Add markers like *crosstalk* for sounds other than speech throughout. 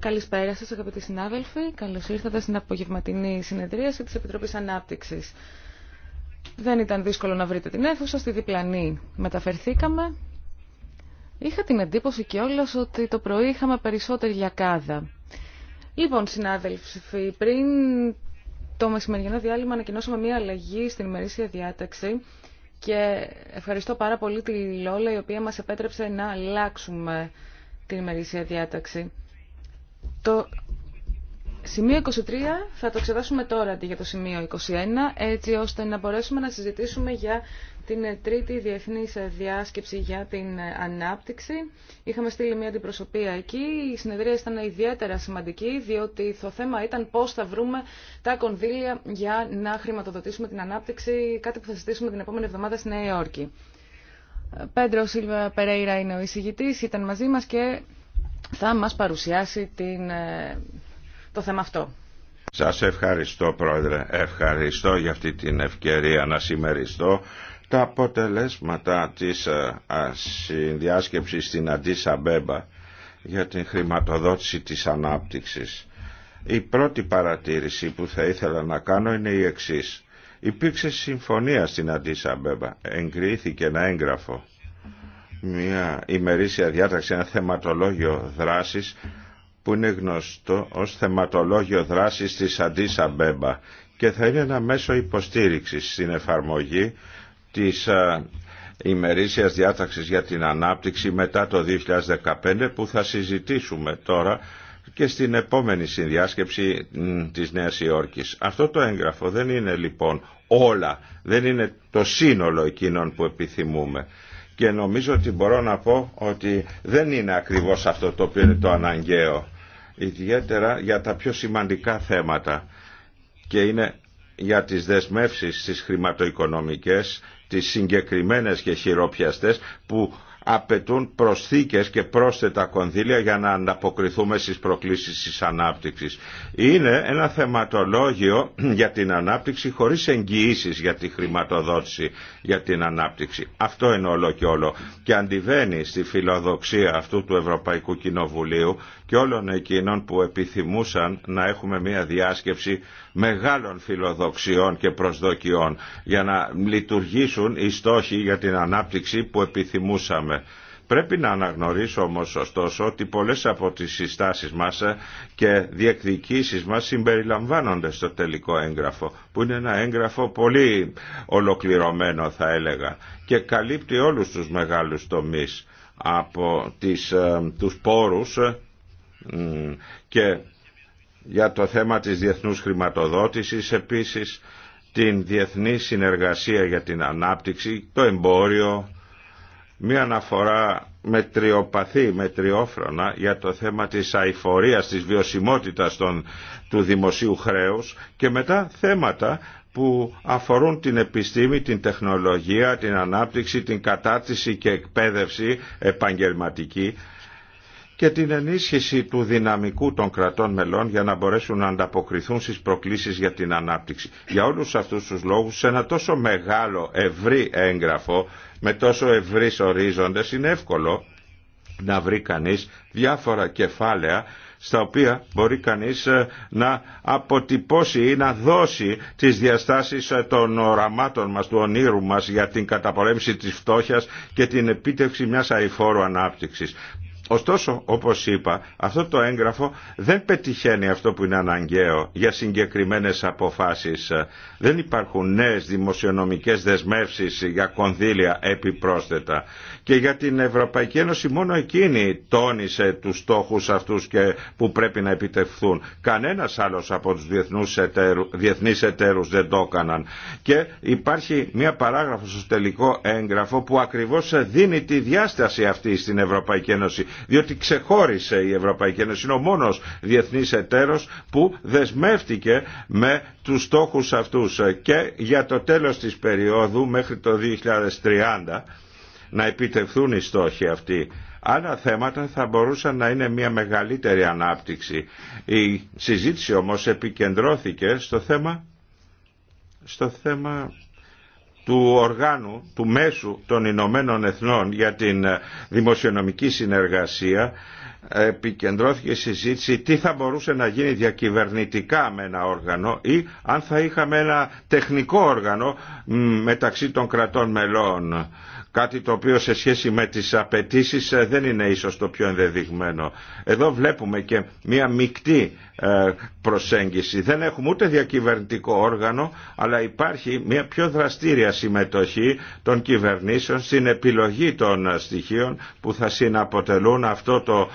Καλησπέρα σας αγαπητοί συνάδελφοι. Καλώς ήρθατε στην απογευματινή συνεδρίαση της Επιτροπής Ανάπτυξης. Δεν ήταν δύσκολο να βρείτε την αίθουσα, στη διπλανή μεταφερθήκαμε. Είχα την εντύπωση κιόλας ότι το πρωί είχαμε περισσότερη λιακάδα. Λοιπόν, συνάδελφοι, πριν το μεσημεριανό διάλειμμα ανακοινώσαμε μια αλλαγή στην ημερήσια διάταξη και ευχαριστώ πάρα πολύ τη Λόλα η οποία μας επέτρεψε να αλλάξουμε την ημερήσια διάταξη. Σημείο 23 θα το εξετάσουμε τώρα αντί για το σημείο 21, έτσι ώστε να μπορέσουμε να συζητήσουμε για την τρίτη διεθνή διάσκεψη για την ανάπτυξη. Είχαμε στείλει μια αντιπροσωπεία εκεί. Η συνεδρία ήταν ιδιαίτερα σημαντική, διότι το θέμα ήταν πώ θα βρούμε τα κονδύλια για να χρηματοδοτήσουμε την ανάπτυξη, κάτι που θα συζητήσουμε την επόμενη εβδομάδα στη Νέα Υόρκη. Πέντρο Σίλβα Περέιρα είναι ο εισηγητή, ήταν μαζί μα και θα μα παρουσιάσει την ε, το θέμα αυτό. Σας ευχαριστώ Πρόεδρε, ευχαριστώ για αυτή την ευκαιρία να συμμεριστώ τα αποτελέσματα της ε, συνδιάσκεψης στην Αντίσα Μπέμπα για την χρηματοδότηση της ανάπτυξης. Η πρώτη παρατήρηση που θα ήθελα να κάνω είναι η εξής. Υπήρξε συμφωνία στην Αντίσα Μπέμπα, εγκρίθηκε ένα έγγραφο, μια ημερήσια διάταξη, ένα θεματολόγιο δράσης που είναι γνωστό ως θεματολόγιο δράσης της Αντίσα Μπέμπα και θα είναι ένα μέσο υποστήριξης στην εφαρμογή της ε, ημερήσιας διάταξης για την ανάπτυξη μετά το 2015 που θα συζητήσουμε τώρα και στην επόμενη συνδιάσκεψη της Νέας Υόρκης. Αυτό το έγγραφο δεν είναι λοιπόν όλα, δεν είναι το σύνολο εκείνων που επιθυμούμε. Και νομίζω ότι μπορώ να πω ότι δεν είναι ακριβώς αυτό το οποίο είναι το αναγκαίο ιδιαίτερα για τα πιο σημαντικά θέματα και είναι για τις δεσμεύσεις τις χρηματοοικονομικές, τις συγκεκριμένες και χειροπιαστές που απαιτούν προσθήκες και πρόσθετα κονδύλια για να ανταποκριθούμε στις προκλήσεις της ανάπτυξης. Είναι ένα θεματολόγιο για την ανάπτυξη χωρίς εγγυήσεις για τη χρηματοδότηση για την ανάπτυξη. Αυτό είναι όλο και όλο. Και αντιβαίνει στη φιλοδοξία αυτού του Ευρωπαϊκού Κοινοβουλίου και όλων εκείνων που επιθυμούσαν να έχουμε μια διάσκεψη μεγάλων φιλοδοξιών και προσδοκιών για να λειτουργήσουν οι στόχοι για την ανάπτυξη που επιθυμούσαμε. Πρέπει να αναγνωρίσω όμως ωστόσο ότι πολλές από τις συστάσεις μας και διεκδικήσεις μας συμπεριλαμβάνονται στο τελικό έγγραφο που είναι ένα έγγραφο πολύ ολοκληρωμένο θα έλεγα και καλύπτει όλους τους μεγάλους τομείς από τις, ε, τους πόρους ε, και για το θέμα της διεθνούς χρηματοδότησης επίσης την διεθνή συνεργασία για την ανάπτυξη, το εμπόριο, μία αναφορά με με τριόφρονα για το θέμα της αηφορίας, της βιωσιμότητας των, του δημοσίου χρέους και μετά θέματα που αφορούν την επιστήμη, την τεχνολογία, την ανάπτυξη, την κατάρτιση και εκπαίδευση επαγγελματική και την ενίσχυση του δυναμικού των κρατών μελών για να μπορέσουν να ανταποκριθούν στις προκλήσεις για την ανάπτυξη. Για όλους αυτούς τους λόγους, σε ένα τόσο μεγάλο ευρύ έγγραφο, με τόσο ευρύς ορίζοντες είναι εύκολο να βρει κανείς διάφορα κεφάλαια στα οποία μπορεί κανείς ε, να αποτυπώσει ή να δώσει τις διαστάσεις ε, των οραμάτων μας, του ονείρου μας για την καταπολέμηση της φτώχειας και την επίτευξη μιας αηφόρου ανάπτυξης. Ωστόσο, όπως είπα, αυτό το έγγραφο δεν πετυχαίνει αυτό που είναι αναγκαίο για συγκεκριμένες αποφάσεις. Δεν υπάρχουν νέες δημοσιονομικές δεσμεύσεις για κονδύλια επιπρόσθετα. Και για την Ευρωπαϊκή Ένωση μόνο εκείνη τόνισε τους στόχους αυτούς και που πρέπει να επιτευχθούν. Κανένας άλλος από τους διεθνούς εταίρου, διεθνείς εταίρους δεν το έκαναν. Και υπάρχει μια παράγραφο στο τελικό έγγραφο που ακριβώς δίνει τη διάσταση αυτή στην Ευρωπαϊκή Ένωση διότι ξεχώρισε η Ευρωπαϊκή Ένωση. Είναι ο μόνο διεθνής εταίρο που δεσμεύτηκε με τους στόχους αυτούς και για το τέλος της περίοδου μέχρι το 2030 να επιτευχθούν οι στόχοι αυτοί. Άλλα θέματα θα μπορούσαν να είναι μια μεγαλύτερη ανάπτυξη. Η συζήτηση όμως επικεντρώθηκε στο θέμα, στο θέμα του οργάνου, του μέσου των Ηνωμένων Εθνών για την ε, δημοσιονομική συνεργασία ε, επικεντρώθηκε η συζήτηση τι θα μπορούσε να γίνει διακυβερνητικά με ένα όργανο ή αν θα είχαμε ένα τεχνικό όργανο μεταξύ των κρατών μελών κάτι το οποίο σε σχέση με τις απαιτήσει ε, δεν είναι ίσως το πιο ενδεδειγμένο. Εδώ βλέπουμε και μια μεικτή ε, προσέγγιση. Δεν έχουμε ούτε διακυβερνητικό όργανο, αλλά υπάρχει μια πιο δραστήρια συμμετοχή των κυβερνήσεων στην επιλογή των ε, στοιχείων που θα συναποτελούν αυτό το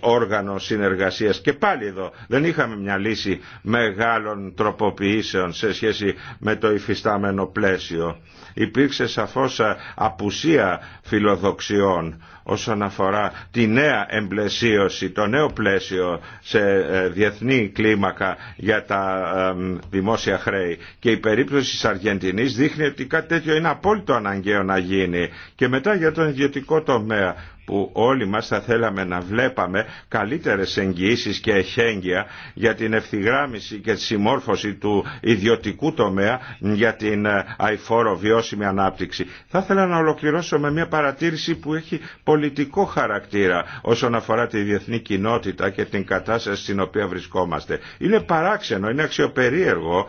όργανο συνεργασίας. Και πάλι εδώ δεν είχαμε μια λύση μεγάλων τροποποιήσεων σε σχέση με το υφιστάμενο πλαίσιο υπήρξε σαφώς ε, απουσία φιλοδοξιών όσον αφορά τη νέα εμπλαισίωση, το νέο πλαίσιο σε ε, διεθνή κλίμακα για τα ε, δημόσια χρέη. Και η περίπτωση της Αργεντινής δείχνει ότι κάτι τέτοιο είναι απόλυτο αναγκαίο να γίνει. Και μετά για τον ιδιωτικό τομέα που όλοι μας θα θέλαμε να βλέπαμε καλύτερες εγγυήσεις και εχέγγυα για την ευθυγράμμιση και τη συμμόρφωση του ιδιωτικού τομέα για την ε, αϊφόρο βιώσιμη ανάπτυξη. Θα ήθελα να ολοκληρώσω με μια παρατήρηση που έχει πολιτικό χαρακτήρα όσον αφορά τη διεθνή κοινότητα και την κατάσταση στην οποία βρισκόμαστε. Είναι παράξενο, είναι αξιοπερίεργο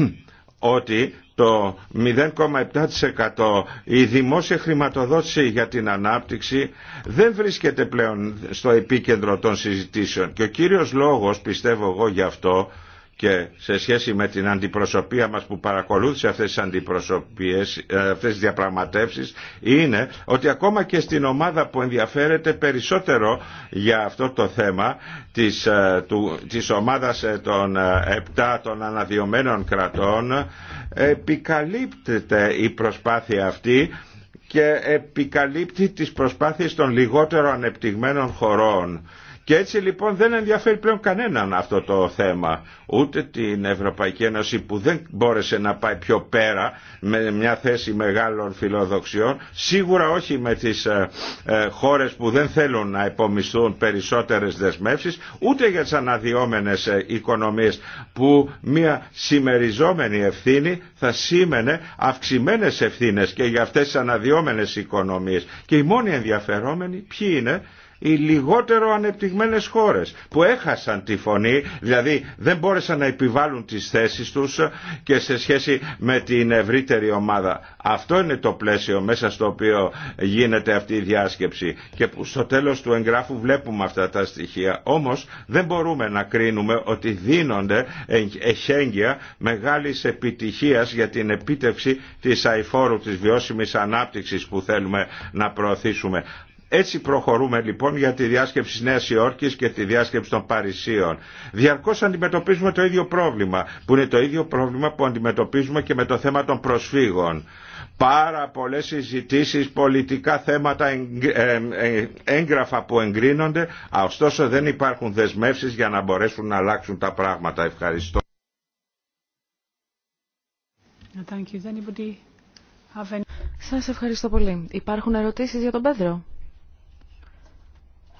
*clears throat* ότι το 0,7% η δημόσια χρηματοδότηση για την ανάπτυξη δεν βρίσκεται πλέον στο επίκεντρο των συζητήσεων και ο κύριος λόγος πιστεύω εγώ γι' αυτό και σε σχέση με την αντιπροσωπεία μας που παρακολούθησε αυτές τις αντιπροσωπίες, ε, αυτές τις διαπραγματεύσεις είναι ότι ακόμα και στην ομάδα που ενδιαφέρεται περισσότερο για αυτό το θέμα της, ε, του, της ομάδας ε, των 7 των αναδειωμένων κρατών επικαλύπτεται η προσπάθεια αυτή και επικαλύπτει τις προσπάθειες των λιγότερο ανεπτυγμένων χωρών και έτσι λοιπόν δεν ενδιαφέρει πλέον κανέναν αυτό το θέμα. Ούτε την Ευρωπαϊκή Ένωση που δεν μπόρεσε να πάει πιο πέρα με μια θέση μεγάλων φιλοδοξιών. Σίγουρα όχι με τις ε, ε, χώρες που δεν θέλουν να υπομισθούν περισσότερες δεσμεύσεις. Ούτε για τις αναδυόμενες ε, οικονομίες που μια σημεριζόμενη ευθύνη θα σήμαινε αυξημένες ευθύνες και για αυτές τις αναδυόμενες οικονομίες. Και οι μόνοι ενδιαφερόμενοι ποιοι είναι οι λιγότερο ανεπτυγμένες χώρες που έχασαν τη φωνή, δηλαδή δεν μπόρεσαν να επιβάλλουν τις θέσεις τους και σε σχέση με την ευρύτερη ομάδα. Αυτό είναι το πλαίσιο μέσα στο οποίο γίνεται αυτή η διάσκεψη και στο τέλος του εγγράφου βλέπουμε αυτά τα στοιχεία. Όμως δεν μπορούμε να κρίνουμε ότι δίνονται εχέγγυα μεγάλης επιτυχίας για την επίτευξη της αηφόρου της βιώσιμης ανάπτυξης που θέλουμε να προωθήσουμε. Έτσι προχωρούμε λοιπόν για τη διάσκεψη της Νέας Υόρκης και τη διάσκεψη των Παρισίων. Διαρκώς αντιμετωπίζουμε το ίδιο πρόβλημα, που είναι το ίδιο πρόβλημα που αντιμετωπίζουμε και με το θέμα των προσφύγων. Πάρα πολλές συζητήσεις, πολιτικά θέματα, ε, ε, έγγραφα που εγκρίνονται, ωστόσο δεν υπάρχουν δεσμεύσεις για να μπορέσουν να αλλάξουν τα πράγματα. Ευχαριστώ. Σας ευχαριστώ πολύ. Υπάρχουν ερωτήσεις για τον Πέδρο.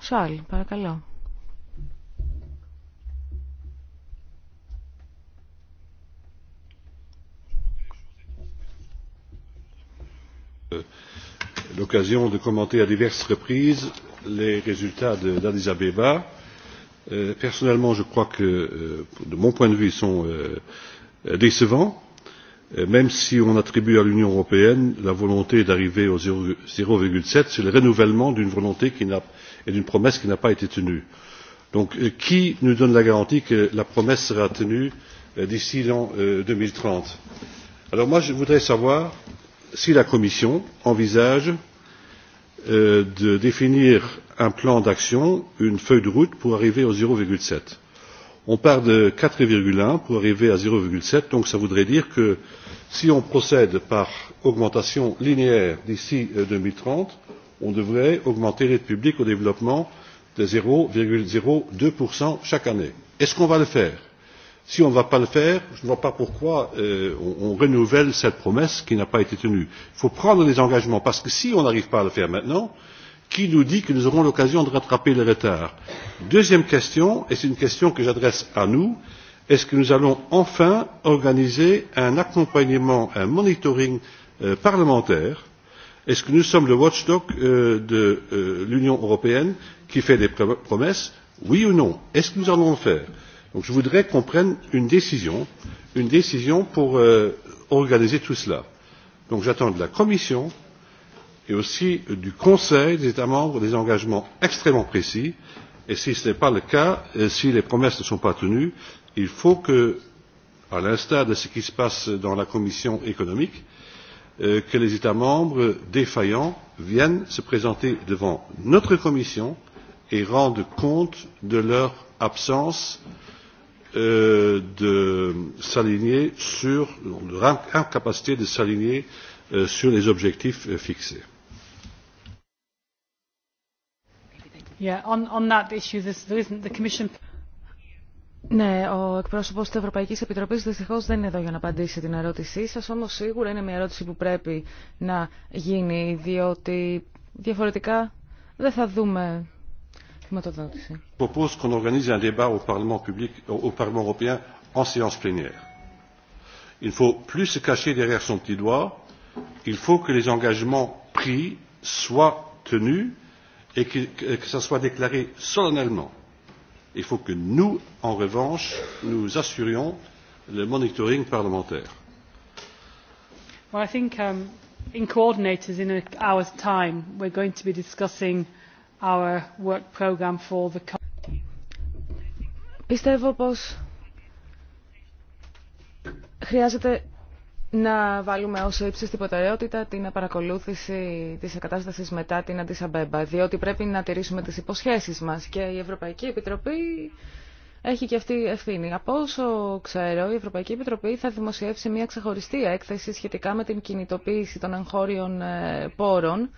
Σάλ, παρακαλώ. l'occasion de commenter à diverses reprises les résultats d'addis abeba. personnellement je crois que de mon point de vue ils sont décevants même si on attribue à l'union européenne la volonté d'arriver au zéro sept c'est le renouvellement d'une volonté et d'une promesse qui n'a pas été tenue. donc qui nous donne la garantie que la promesse sera tenue d'ici l'an? deux mille trente alors je voudrais savoir si la commission envisage de définir un plan d'action une feuille de route pour arriver au zéro sept on part de quatre un pour arriver à zéro sept donc cela voudrait dire que si on procède par augmentation linéaire d'ici deux mille trente on devrait augmenter l'aide publique au développement de zéro zéro deux chaque année. est ce qu'on va le faire? si on ne va pas le faire je ne vois pas pourquoi on renouvelle cette promesse qui n'a pas été tenue. il faut prendre des engagements parce que si on n'arrive pas à le faire maintenant qui nous dit que nous aurons l'occasion de rattraper le retard? deuxième question et c'est une question que j'adresse à nous est ce que nous allons enfin organiser un accompagnement un monitoring parlementaire? est ce que nous sommes le watchdog de l'union européenne qui fait des promesses? oui ou non? est ce que nous allons le faire? donc je voudrais qu'on prenne une décision une décision pour organiser tout cela. donc j'attends de la commission et aussi du Conseil des États membres des engagements extrêmement précis. Et si ce n'est pas le cas, si les promesses ne sont pas tenues, il faut que, à l'instar de ce qui se passe dans la Commission économique, que les États membres défaillants viennent se présenter devant notre Commission et rendent compte de leur absence de s'aligner sur leur incapacité de s'aligner sur les objectifs fixés. Ναι, ο εκπρόσωπος της Ευρωπαϊκής Επιτροπής δυστυχώς δεν είναι εδώ για να απαντήσει την ερώτησή σας, όμως σίγουρα είναι μια ερώτηση που πρέπει να γίνει, διότι διαφορετικά δεν θα δούμε χρηματοδότηση. Propose un débat au Parlement public, au Parlement européen en séance plénière. Il faut plus se cacher derrière son petit doigt, il faut que les engagements pris soient tenus et que ça soit déclaré solennellement. Il faut que nous, en revanche, nous assurions le monitoring parlementaire. Well, I think in coordinators, in an hour's time, we're going to be discussing our work programme for the. Πιστεύω πως χρειάζεται να βάλουμε ως ύψιστη προτεραιότητα την παρακολούθηση της εγκατάσταση μετά την Αντισαμπέμπα, διότι πρέπει να τηρήσουμε τις υποσχέσεις μας και η Ευρωπαϊκή Επιτροπή έχει και αυτή ευθύνη. Από όσο ξέρω, η Ευρωπαϊκή Επιτροπή θα δημοσιεύσει μια ξεχωριστή έκθεση σχετικά με την κινητοποίηση των εγχώριων ε, πόρων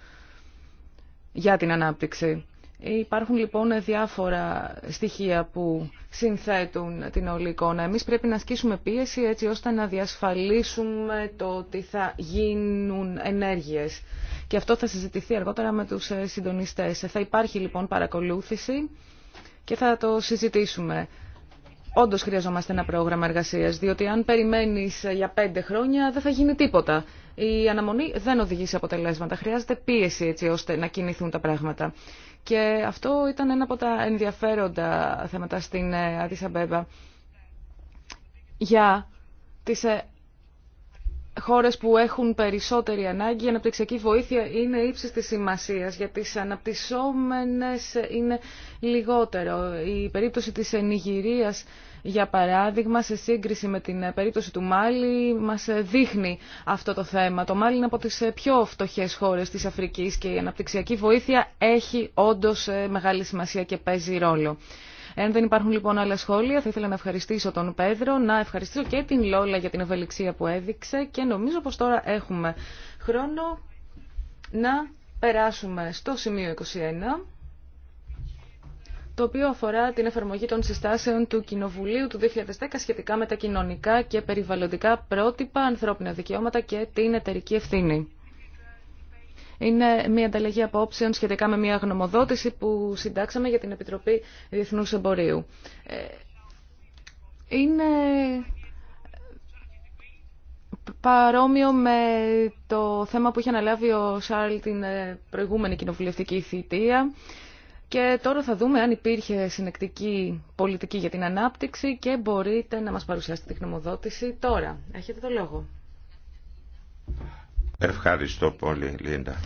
για την ανάπτυξη. Υπάρχουν λοιπόν διάφορα στοιχεία που συνθέτουν την όλη εικόνα. Εμείς πρέπει να ασκήσουμε πίεση έτσι ώστε να διασφαλίσουμε το ότι θα γίνουν ενέργειες. Και αυτό θα συζητηθεί αργότερα με τους ε, συντονιστές. Θα υπάρχει λοιπόν παρακολούθηση και θα το συζητήσουμε. Όντω χρειαζόμαστε ένα πρόγραμμα εργασία, διότι αν περιμένει ε, για πέντε χρόνια δεν θα γίνει τίποτα. Η αναμονή δεν οδηγεί σε αποτελέσματα. Χρειάζεται πίεση έτσι ώστε να κινηθούν τα πράγματα. Και αυτό ήταν ένα από τα ενδιαφέροντα θέματα στην Αντισαμπέμπα ε, για τις ε, χώρες που έχουν περισσότερη ανάγκη, η αναπτυξιακή βοήθεια είναι ύψη της σημασίας. Για τις αναπτυσσόμενες είναι λιγότερο. Η περίπτωση της Νιγηρίας για παράδειγμα, σε σύγκριση με την ε, περίπτωση του Μάλι, μα ε, δείχνει αυτό το θέμα. Το Μάλι είναι από τι ε, πιο φτωχέ χώρε τη Αφρική και η αναπτυξιακή βοήθεια έχει όντω μεγάλη σημασία και παίζει ρόλο. Εάν δεν υπάρχουν λοιπόν άλλα σχόλια, θα ήθελα να ευχαριστήσω τον Πέδρο, να ευχαριστήσω και την Λόλα για την ευελιξία που έδειξε και νομίζω πως τώρα έχουμε χρόνο να περάσουμε στο σημείο 21 το οποίο αφορά την εφαρμογή των συστάσεων του Κοινοβουλίου του 2010 σχετικά με τα κοινωνικά και περιβαλλοντικά πρότυπα, ανθρώπινα δικαιώματα και την εταιρική ευθύνη. Είναι μια ανταλλαγή απόψεων σχετικά με μια γνωμοδότηση που συντάξαμε για την Επιτροπή Διεθνούς Εμπορίου. Ε, είναι παρόμοιο με το θέμα που είχε αναλάβει ο Σάρλ την ε, προηγούμενη κοινοβουλευτική θητεία και τώρα θα δούμε αν υπήρχε συνεκτική πολιτική για την ανάπτυξη και μπορείτε να μας παρουσιάσετε τη γνωμοδότηση τώρα. Έχετε το λόγο. Ευχαριστώ πολύ Λίντα.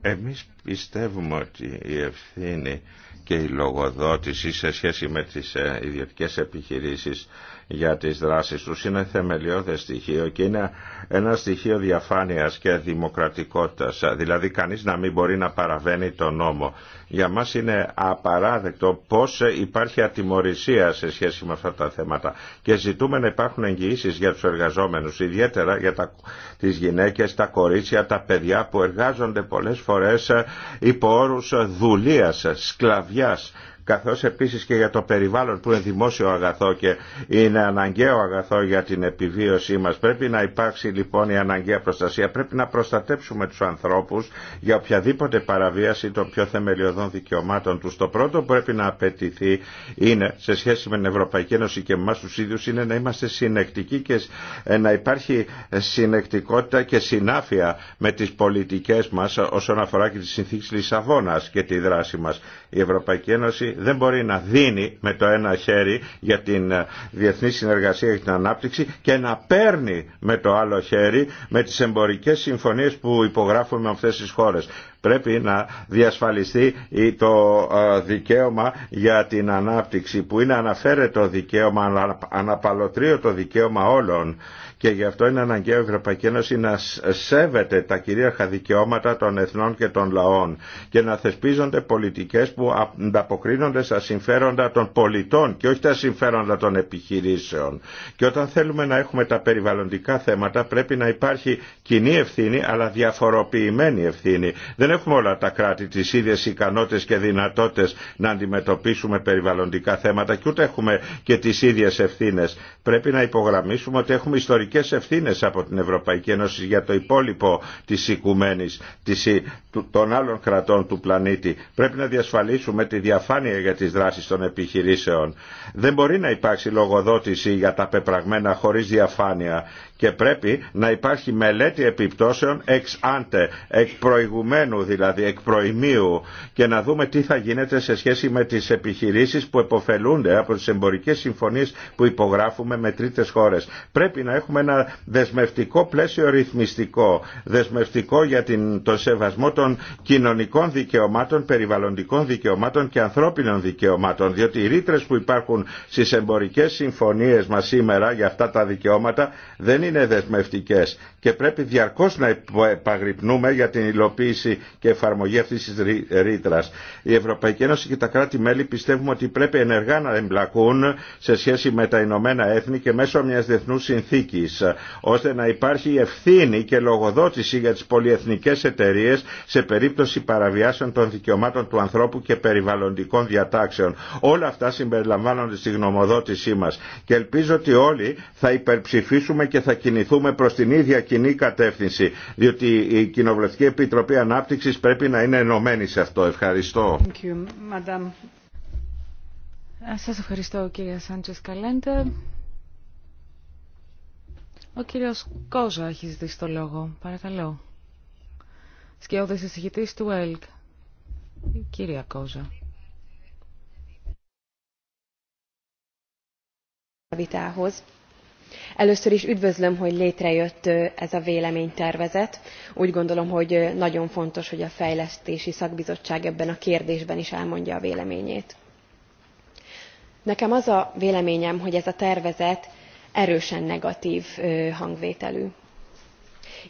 Εμείς πιστεύουμε ότι η ευθύνη και η λογοδότηση σε σχέση με τις ε, ιδιωτικές επιχειρήσεις για τις δράσεις τους είναι θεμελιώδες στοιχείο και είναι ένα στοιχείο διαφάνειας και δημοκρατικότητας, δηλαδή κανείς να μην μπορεί να παραβαίνει τον νόμο. Για μας είναι απαράδεκτο πώς υπάρχει ατιμορρησία σε σχέση με αυτά τα θέματα και ζητούμε να υπάρχουν εγγυήσει για τους εργαζόμενους, ιδιαίτερα για τα, τις γυναίκες, τα κορίτσια, τα παιδιά που εργάζονται πολλές φορές υπό όρους δουλείας, σκλαβιάς καθώς επίσης και για το περιβάλλον που είναι δημόσιο αγαθό και είναι αναγκαίο αγαθό για την επιβίωσή μας. Πρέπει να υπάρξει λοιπόν η αναγκαία προστασία. Πρέπει να προστατέψουμε τους ανθρώπους για οποιαδήποτε παραβίαση των πιο θεμελιωδών δικαιωμάτων τους. Το πρώτο που πρέπει να απαιτηθεί είναι σε σχέση με την Ευρωπαϊκή Ένωση και εμάς τους ίδιους είναι να είμαστε συνεκτικοί και ε, να υπάρχει συνεκτικότητα και συνάφεια με τις πολιτικές μας όσον αφορά και τις συνθήκες Λισαβόνας και τη δράση μας. Η Ευρωπαϊκή Ένωση δεν μπορεί να δίνει με το ένα χέρι για την ε, διεθνή συνεργασία και την ανάπτυξη και να παίρνει με το άλλο χέρι με τις εμπορικές συμφωνίες που υπογράφουμε με αυτές τις χώρες. Πρέπει να διασφαλιστεί το ε, δικαίωμα για την ανάπτυξη που είναι αναφέρετο δικαίωμα, αναπαλωτρίωτο δικαίωμα όλων και γι' αυτό είναι αναγκαίο η Ευρωπαϊκή Ένωση να σέβεται τα κυρίαρχα δικαιώματα των εθνών και των λαών και να θεσπίζονται πολιτικές που ανταποκρίνονται στα συμφέροντα των πολιτών και όχι τα συμφέροντα των επιχειρήσεων. Και όταν θέλουμε να έχουμε τα περιβαλλοντικά θέματα πρέπει να υπάρχει κοινή ευθύνη αλλά διαφοροποιημένη ευθύνη. Δεν έχουμε όλα τα κράτη τις ίδιες ικανότητες και δυνατότητες να αντιμετωπίσουμε περιβαλλοντικά θέματα και ούτε έχουμε και τις ίδιες ευθύνες. Πρέπει να υπογραμμίσουμε ότι έχουμε ιστορική ιστορικέ ευθύνε από την Ευρωπαϊκή Ένωση για το υπόλοιπο τη οικουμένη των άλλων κρατών του πλανήτη. Πρέπει να διασφαλίσουμε τη διαφάνεια για τι δράσει των επιχειρήσεων. Δεν μπορεί να υπάρξει λογοδότηση για τα πεπραγμένα χωρί διαφάνεια και πρέπει να υπάρχει μελέτη επιπτώσεων εξ άντε, εκ προηγουμένου δηλαδή, εκ προημίου και να δούμε τι θα γίνεται σε σχέση με τις επιχειρήσεις που εποφελούνται από τις εμπορικές συμφωνίες που υπογράφουμε με τρίτες χώρες. Πρέπει να έχουμε ένα δεσμευτικό πλαίσιο ρυθμιστικό, δεσμευτικό για την, τον σεβασμό των κοινωνικών δικαιωμάτων, περιβαλλοντικών δικαιωμάτων και ανθρώπινων δικαιωμάτων, διότι οι ρήτρες που υπάρχουν στις εμπορικές συμφωνίες μας σήμερα για αυτά τα δικαιώματα δεν είναι δεσμευτικές και πρέπει διαρκώς να επαγρυπνούμε για την υλοποίηση και εφαρμογή αυτής της ρήτρα. Η Ευρωπαϊκή Ένωση και τα κράτη-μέλη πιστεύουμε ότι πρέπει ενεργά να εμπλακούν σε σχέση με τα Ηνωμένα Έθνη και μέσω μιας διεθνούς συνθήκης, ώστε να υπάρχει ευθύνη και λογοδότηση για τις πολυεθνικές εταιρείε σε περίπτωση παραβιάσεων των δικαιωμάτων του ανθρώπου και περιβαλλοντικών διατάξεων. Όλα αυτά συμπεριλαμβάνονται στη γνωμοδότησή μας και ελπίζω ότι όλοι θα υπερψηφίσουμε και θα κινηθούμε προς την ίδια κοινή κατεύθυνση, διότι η Κοινοβουλευτική Επιτροπή Ανάπτυξης πρέπει να είναι ενωμένη σε αυτό. Ευχαριστώ. Σας ευχαριστώ κυρία Σάντσες Καλέντε. Ο κύριος Κόζα έχει ζητήσει το λόγο. Παρακαλώ. Σκιώδης εισηγητής του ΕΛΚ. κυρία Κόζα. Habitához, először is üdvözlöm hogy létrejött ez a véleménytervezet úgy gondolom hogy nagyon fontos hogy a fejlesztési szakbizottság ebben a kérdésben is elmondja a véleményét. nekem az a véleményem hogy ez a tervezet erősen negatv hangvételű.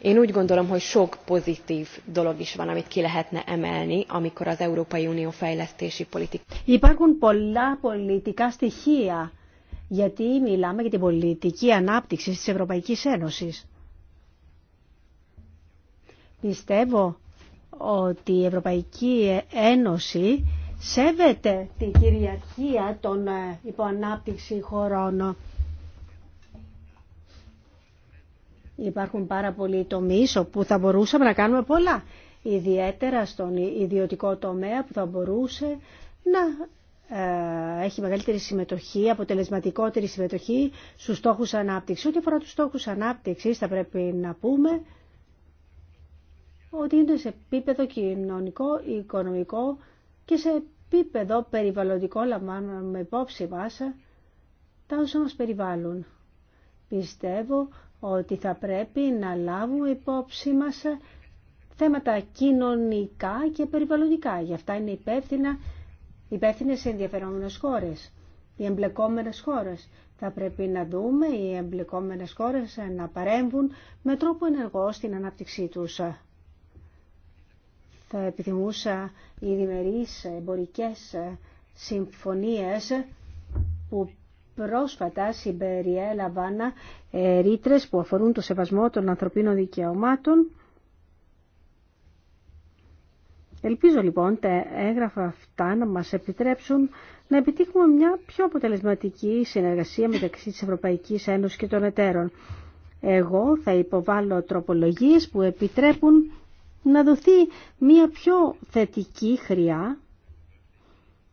én úgy gondolom hogy sok pozitív dolog is van amit ki lehetne emelni amikor az európai unió fejlesztési politikájáról γιατί μιλάμε για την πολιτική ανάπτυξη της Ευρωπαϊκής Ένωσης. Πιστεύω ότι η Ευρωπαϊκή Ένωση σέβεται την κυριαρχία των ε, υποανάπτυξη χωρών. Υπάρχουν πάρα πολλοί τομείς όπου θα μπορούσαμε να κάνουμε πολλά, ιδιαίτερα στον ιδιωτικό τομέα που θα μπορούσε να ε, έχει μεγαλύτερη συμμετοχή, αποτελεσματικότερη συμμετοχή στους στόχους ανάπτυξης. Ό,τι αφορά τους στόχους ανάπτυξης θα πρέπει να πούμε ότι είναι σε επίπεδο κοινωνικό, οικονομικό και σε επίπεδο περιβαλλοντικό λαμβάνουμε υπόψη μας τα όσα μας περιβάλλουν. Πιστεύω ότι θα πρέπει να λάβουμε υπόψη μας θέματα κοινωνικά και περιβαλλοντικά. Γι' αυτά είναι υπεύθυνα υπεύθυνε σε ενδιαφερόμενες χώρες, οι εμπλεκόμενες χώρες. Θα πρέπει να δούμε οι εμπλεκόμενες χώρες να παρέμβουν με τρόπο ενεργό στην ανάπτυξή τους. Θα επιθυμούσα οι διμερείς εμπορικές συμφωνίες που πρόσφατα συμπεριέλαβαν ε, ρήτρες που αφορούν το σεβασμό των ανθρωπίνων δικαιωμάτων Ελπίζω λοιπόν τα έγγραφα αυτά να μας επιτρέψουν να επιτύχουμε μια πιο αποτελεσματική συνεργασία μεταξύ της Ευρωπαϊκής Ένωσης και των εταίρων. Εγώ θα υποβάλω τροπολογίες που επιτρέπουν να δοθεί μια πιο θετική χρειά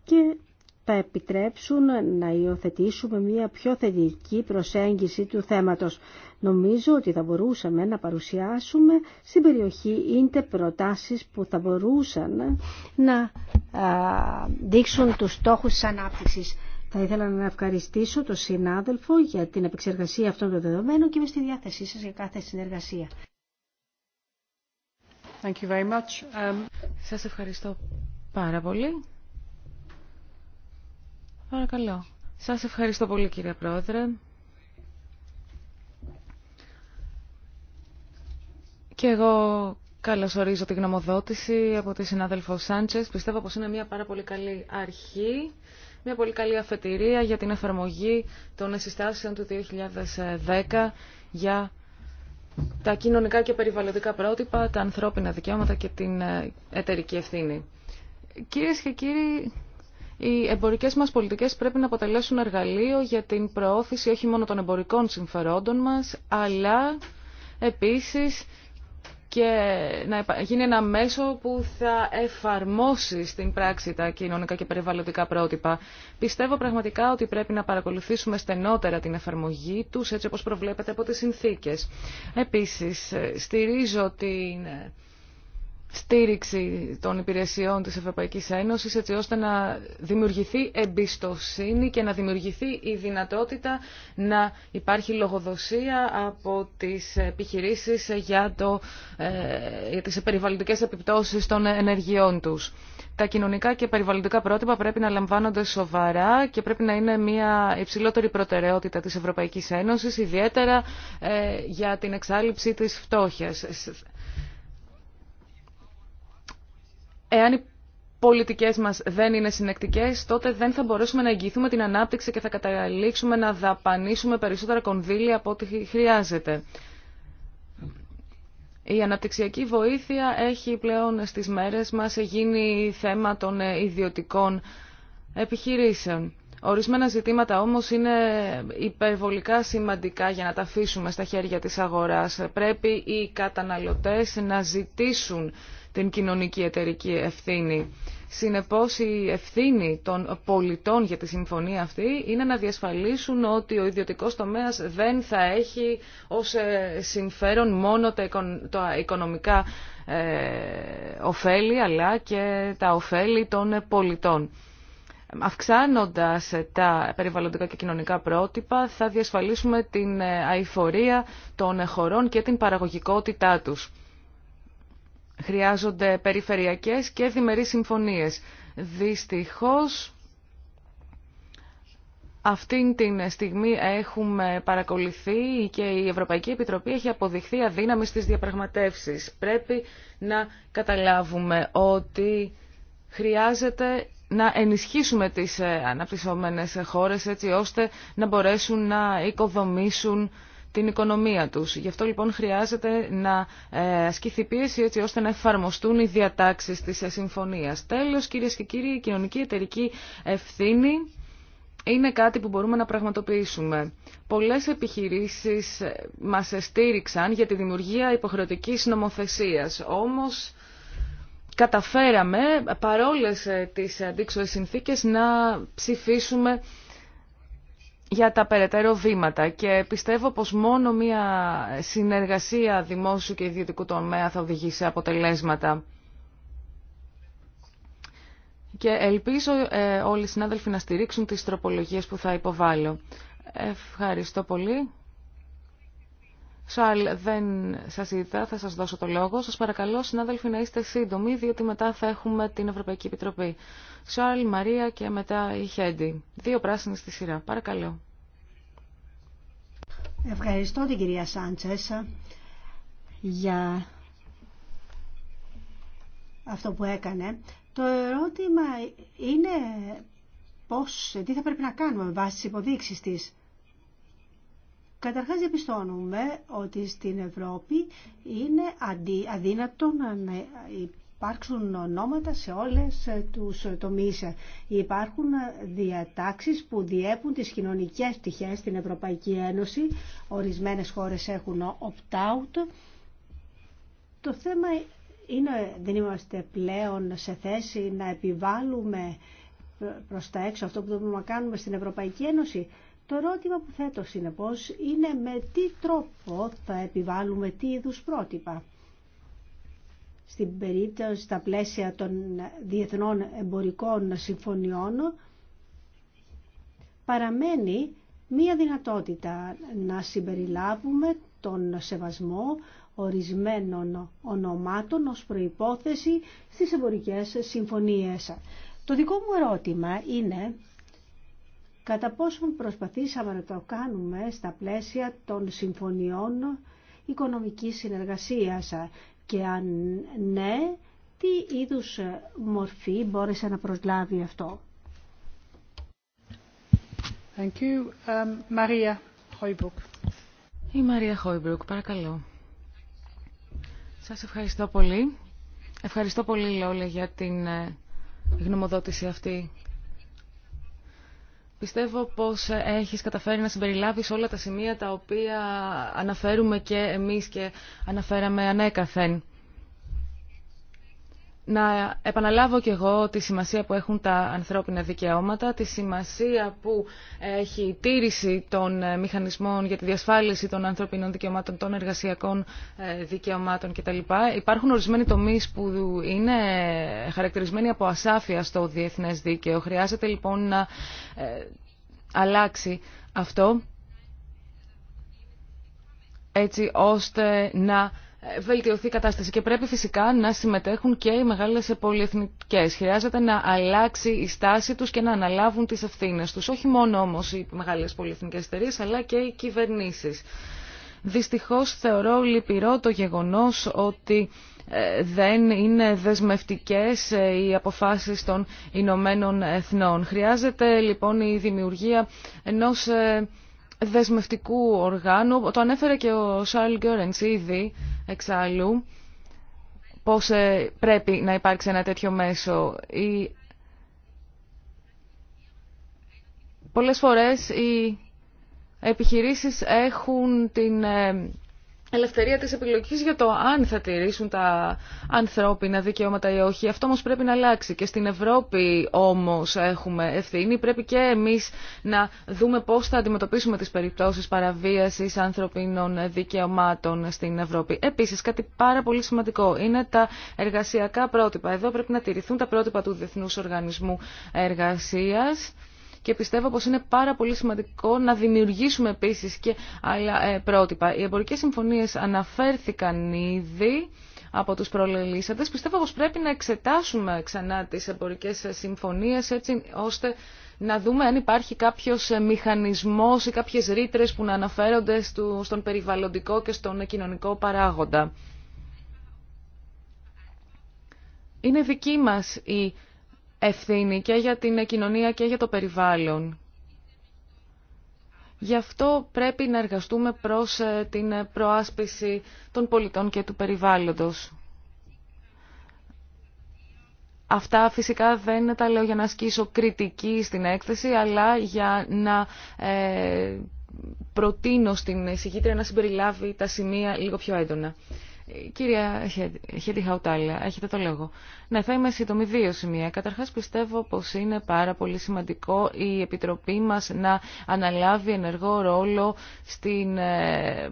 και θα επιτρέψουν να υιοθετήσουμε μια πιο θετική προσέγγιση του θέματος. Νομίζω ότι θα μπορούσαμε να παρουσιάσουμε στην περιοχή ίντε προτάσεις που θα μπορούσαν να δείξουν τους στόχους της ανάπτυξης. Θα ήθελα να ευχαριστήσω τον συνάδελφο για την επεξεργασία αυτών των δεδομένων και είμαι στη διάθεσή σας για κάθε συνεργασία. Thank um, ευχαριστώ πάρα πολύ. Παρακαλώ. Σας ευχαριστώ πολύ κύριε Πρόεδρε. Και εγώ καλωσορίζω τη γνωμοδότηση από τη συνάδελφο Σάντσες. Πιστεύω πως είναι μια πάρα πολύ καλή αρχή, μια πολύ καλή αφετηρία για την εφαρμογή των συστάσεων του 2010 για τα κοινωνικά και περιβαλλοντικά πρότυπα, τα ανθρώπινα δικαιώματα και την ε, εταιρική ευθύνη. Κυρίε και κύριοι, οι εμπορικές μας πολιτικές πρέπει να αποτελέσουν εργαλείο για την προώθηση όχι μόνο των εμπορικών συμφερόντων μας, αλλά επίσης και να γίνει ένα μέσο που θα εφαρμόσει στην πράξη τα κοινωνικά και περιβαλλοντικά πρότυπα. Πιστεύω πραγματικά ότι πρέπει να παρακολουθήσουμε στενότερα την εφαρμογή τους, έτσι όπως προβλέπεται από τις συνθήκες. Επίσης, ε, στηρίζω την ε, στήριξη των υπηρεσιών της Ευρωπαϊκής Ένωσης έτσι ώστε να δημιουργηθεί εμπιστοσύνη και να δημιουργηθεί η δυνατότητα να υπάρχει λογοδοσία από τις επιχειρήσεις για, το, ε, για τις περιβαλλοντικές επιπτώσεις των ενεργειών τους. Τα κοινωνικά και περιβαλλοντικά πρότυπα πρέπει να λαμβάνονται σοβαρά και πρέπει να είναι μια υψηλότερη προτεραιότητα της Ευρωπαϊκής Ένωσης, ιδιαίτερα ε, για την εξάλληψη της φτώχειας. Εάν οι πολιτικές μας δεν είναι συνεκτικέ, τότε δεν θα μπορέσουμε να εγγυηθούμε την ανάπτυξη και θα καταλήξουμε να δαπανίσουμε περισσότερα κονδύλια από ό,τι χρειάζεται. Η αναπτυξιακή βοήθεια έχει πλέον στις μέρες μας γίνει θέμα των ιδιωτικών επιχειρήσεων. Ορισμένα ζητήματα όμως είναι υπερβολικά σημαντικά για να τα αφήσουμε στα χέρια της αγοράς. Πρέπει οι καταναλωτές να ζητήσουν την κοινωνική εταιρική ευθύνη. Συνεπώς η ευθύνη των πολιτών για τη συμφωνία αυτή είναι να διασφαλίσουν ότι ο ιδιωτικός τομέας δεν θα έχει ως ε, συμφέρον μόνο τα οικονομικά ε, ωφέλη αλλά και τα ωφέλη των πολιτών. Αυξάνοντας τα περιβαλλοντικά και κοινωνικά πρότυπα θα διασφαλίσουμε την ε, αηφορία των χωρών και την παραγωγικότητά τους. Χρειάζονται περιφερειακές και διμερείς συμφωνίες. Δυστυχώς, αυτήν την στιγμή έχουμε παρακολουθεί και η Ευρωπαϊκή Επιτροπή έχει αποδειχθεί αδύναμη στις διαπραγματεύσεις. Πρέπει να καταλάβουμε ότι χρειάζεται να ενισχύσουμε τις ε, αναπτυσσόμενες χώρες έτσι ώστε να μπορέσουν να οικοδομήσουν την οικονομία τους. Γι' αυτό λοιπόν χρειάζεται να ε, ασκηθεί πίεση έτσι ώστε να εφαρμοστούν οι διατάξεις της ε, συμφωνίας. Τέλος κυρίε και κύριοι, η κοινωνική εταιρική ευθύνη είναι κάτι που μπορούμε να πραγματοποιήσουμε. Πολλές επιχειρήσεις ε, μας στήριξαν για τη δημιουργία υποχρεωτικής νομοθεσίας, όμως καταφέραμε παρόλες τις αντίξωες συνθήκες να ψηφίσουμε για τα περαιτέρω βήματα και πιστεύω πως μόνο μία συνεργασία δημόσιου και ιδιωτικού τομέα θα οδηγήσει αποτελέσματα. Και ελπίζω ε, όλοι οι συνάδελφοι να στηρίξουν τις τροπολογίες που θα υποβάλω. Ευχαριστώ πολύ. Σουάλ δεν σας είδα, θα σας δώσω το λόγο. Σας παρακαλώ, συνάδελφοι, να είστε σύντομοι, διότι μετά θα έχουμε την Ευρωπαϊκή Επιτροπή. Σουάλ, Μαρία και μετά η Χέντι. Δύο πράσινε στη σειρά. Παρακαλώ. Ευχαριστώ την κυρία Σάντσες για αυτό που έκανε. Το ερώτημα είναι πώς, τι θα πρέπει να κάνουμε με βάση τις υποδείξεις της. Καταρχάς διαπιστώνουμε ότι στην Ευρώπη είναι αδύνατο να υπάρξουν νόματα σε όλες ε, τους ε, τομείς. Υπάρχουν ε, διατάξεις που διέπουν τις κοινωνικές πτυχές στην Ευρωπαϊκή Ένωση. Ορισμένες χώρες έχουν opt-out. Το θέμα είναι, δεν είμαστε πλέον σε θέση να επιβάλλουμε προς τα έξω αυτό που θέλουμε να κάνουμε στην Ευρωπαϊκή Ένωση. Το ερώτημα που θέτω συνεπώς είναι με τι τρόπο θα επιβάλλουμε τι είδους πρότυπα. Στην περίπτωση, στα πλαίσια των διεθνών εμπορικών συμφωνιών παραμένει μία δυνατότητα να συμπεριλάβουμε τον σεβασμό ορισμένων ονομάτων ως προϋπόθεση στις εμπορικές συμφωνίες. Το δικό μου ερώτημα είναι Κατά πόσον προσπαθήσαμε να το κάνουμε στα πλαίσια των συμφωνιών οικονομικής συνεργασίας και αν ναι, τι είδους μορφή μπόρεσε να προσλάβει αυτό. Thank you. Um, Maria Η Μαρία Χόιμπρουκ, παρακαλώ. Σας ευχαριστώ πολύ. Ευχαριστώ πολύ, Λόλε, για την ε, γνωμοδότηση αυτή Πιστεύω πως έχεις καταφέρει να συμπεριλάβεις όλα τα σημεία τα οποία αναφέρουμε και εμείς και αναφέραμε ανέκαθεν να επαναλάβω κι εγώ τη σημασία που έχουν τα ανθρώπινα δικαιώματα, τη σημασία που έχει η τήρηση των ε, μηχανισμών για τη διασφάλιση των ανθρωπίνων δικαιωμάτων, των εργασιακών ε, δικαιωμάτων κτλ. Υπάρχουν ορισμένοι τομεί που είναι χαρακτηρισμένοι από ασάφεια στο διεθνέ δίκαιο. Χρειάζεται λοιπόν να ε, αλλάξει αυτό έτσι ώστε να βελτιωθεί η κατάσταση και πρέπει φυσικά να συμμετέχουν και οι μεγάλες πολυεθνικέ. Χρειάζεται να αλλάξει η στάση τους και να αναλάβουν τις ευθύνες τους. Όχι μόνο όμω οι μεγάλες πολυεθνικέ εταιρείε, αλλά και οι κυβερνήσεις. Δυστυχώ θεωρώ λυπηρό το γεγονός ότι ε, δεν είναι δεσμευτικές ε, οι αποφάσεις των Ηνωμένων Εθνών. Χρειάζεται λοιπόν η δημιουργία ενός ε, δεσμευτικού οργάνου. Το ανέφερε και ο Σάρλ Γκέρενς ήδη εξάλλου πώς ε, πρέπει να υπάρξει ένα τέτοιο μέσο. η Πολλές φορές οι επιχειρήσεις έχουν την ε, ελευθερία της επιλογής για το αν θα τηρήσουν τα ανθρώπινα δικαιώματα ή όχι. Αυτό όμως πρέπει να αλλάξει και στην Ευρώπη όμως έχουμε ευθύνη. Πρέπει και εμείς να δούμε πώς θα αντιμετωπίσουμε τις περιπτώσεις παραβίασης ανθρωπίνων δικαιωμάτων στην Ευρώπη. Επίσης κάτι πάρα πολύ σημαντικό είναι τα εργασιακά πρότυπα. Εδώ πρέπει να τηρηθούν τα πρότυπα του Διεθνούς Οργανισμού Εργασίας και πιστεύω πως είναι πάρα πολύ σημαντικό να δημιουργήσουμε επίσης και άλλα ε, πρότυπα. Οι εμπορικές συμφωνίες αναφέρθηκαν ήδη από τους προλελήσαντες. Πιστεύω πως πρέπει να εξετάσουμε ξανά τις εμπορικές συμφωνίες έτσι ώστε να δούμε αν υπάρχει κάποιος μηχανισμός ή κάποιες ρήτρες που να αναφέρονται στον περιβαλλοντικό και στον κοινωνικό παράγοντα. Είναι δική μας η ευθύνη και για την κοινωνία και για το περιβάλλον. Γι' αυτό πρέπει να εργαστούμε προς ε, την προάσπιση των πολιτών και του περιβάλλοντος. Αυτά φυσικά δεν τα λέω για να ασκήσω κριτική στην έκθεση, αλλά για να ε, προτείνω στην εισηγήτρια να συμπεριλάβει τα σημεία λίγο πιο έντονα. Κυρία Χέντι Χαουτάλια, έχετε το λόγο. Ναι, θα είμαι σύντομη δύο σημεία. Καταρχάς πιστεύω πως είναι πάρα πολύ σημαντικό η Επιτροπή μας να αναλάβει ενεργό ρόλο στην, ε,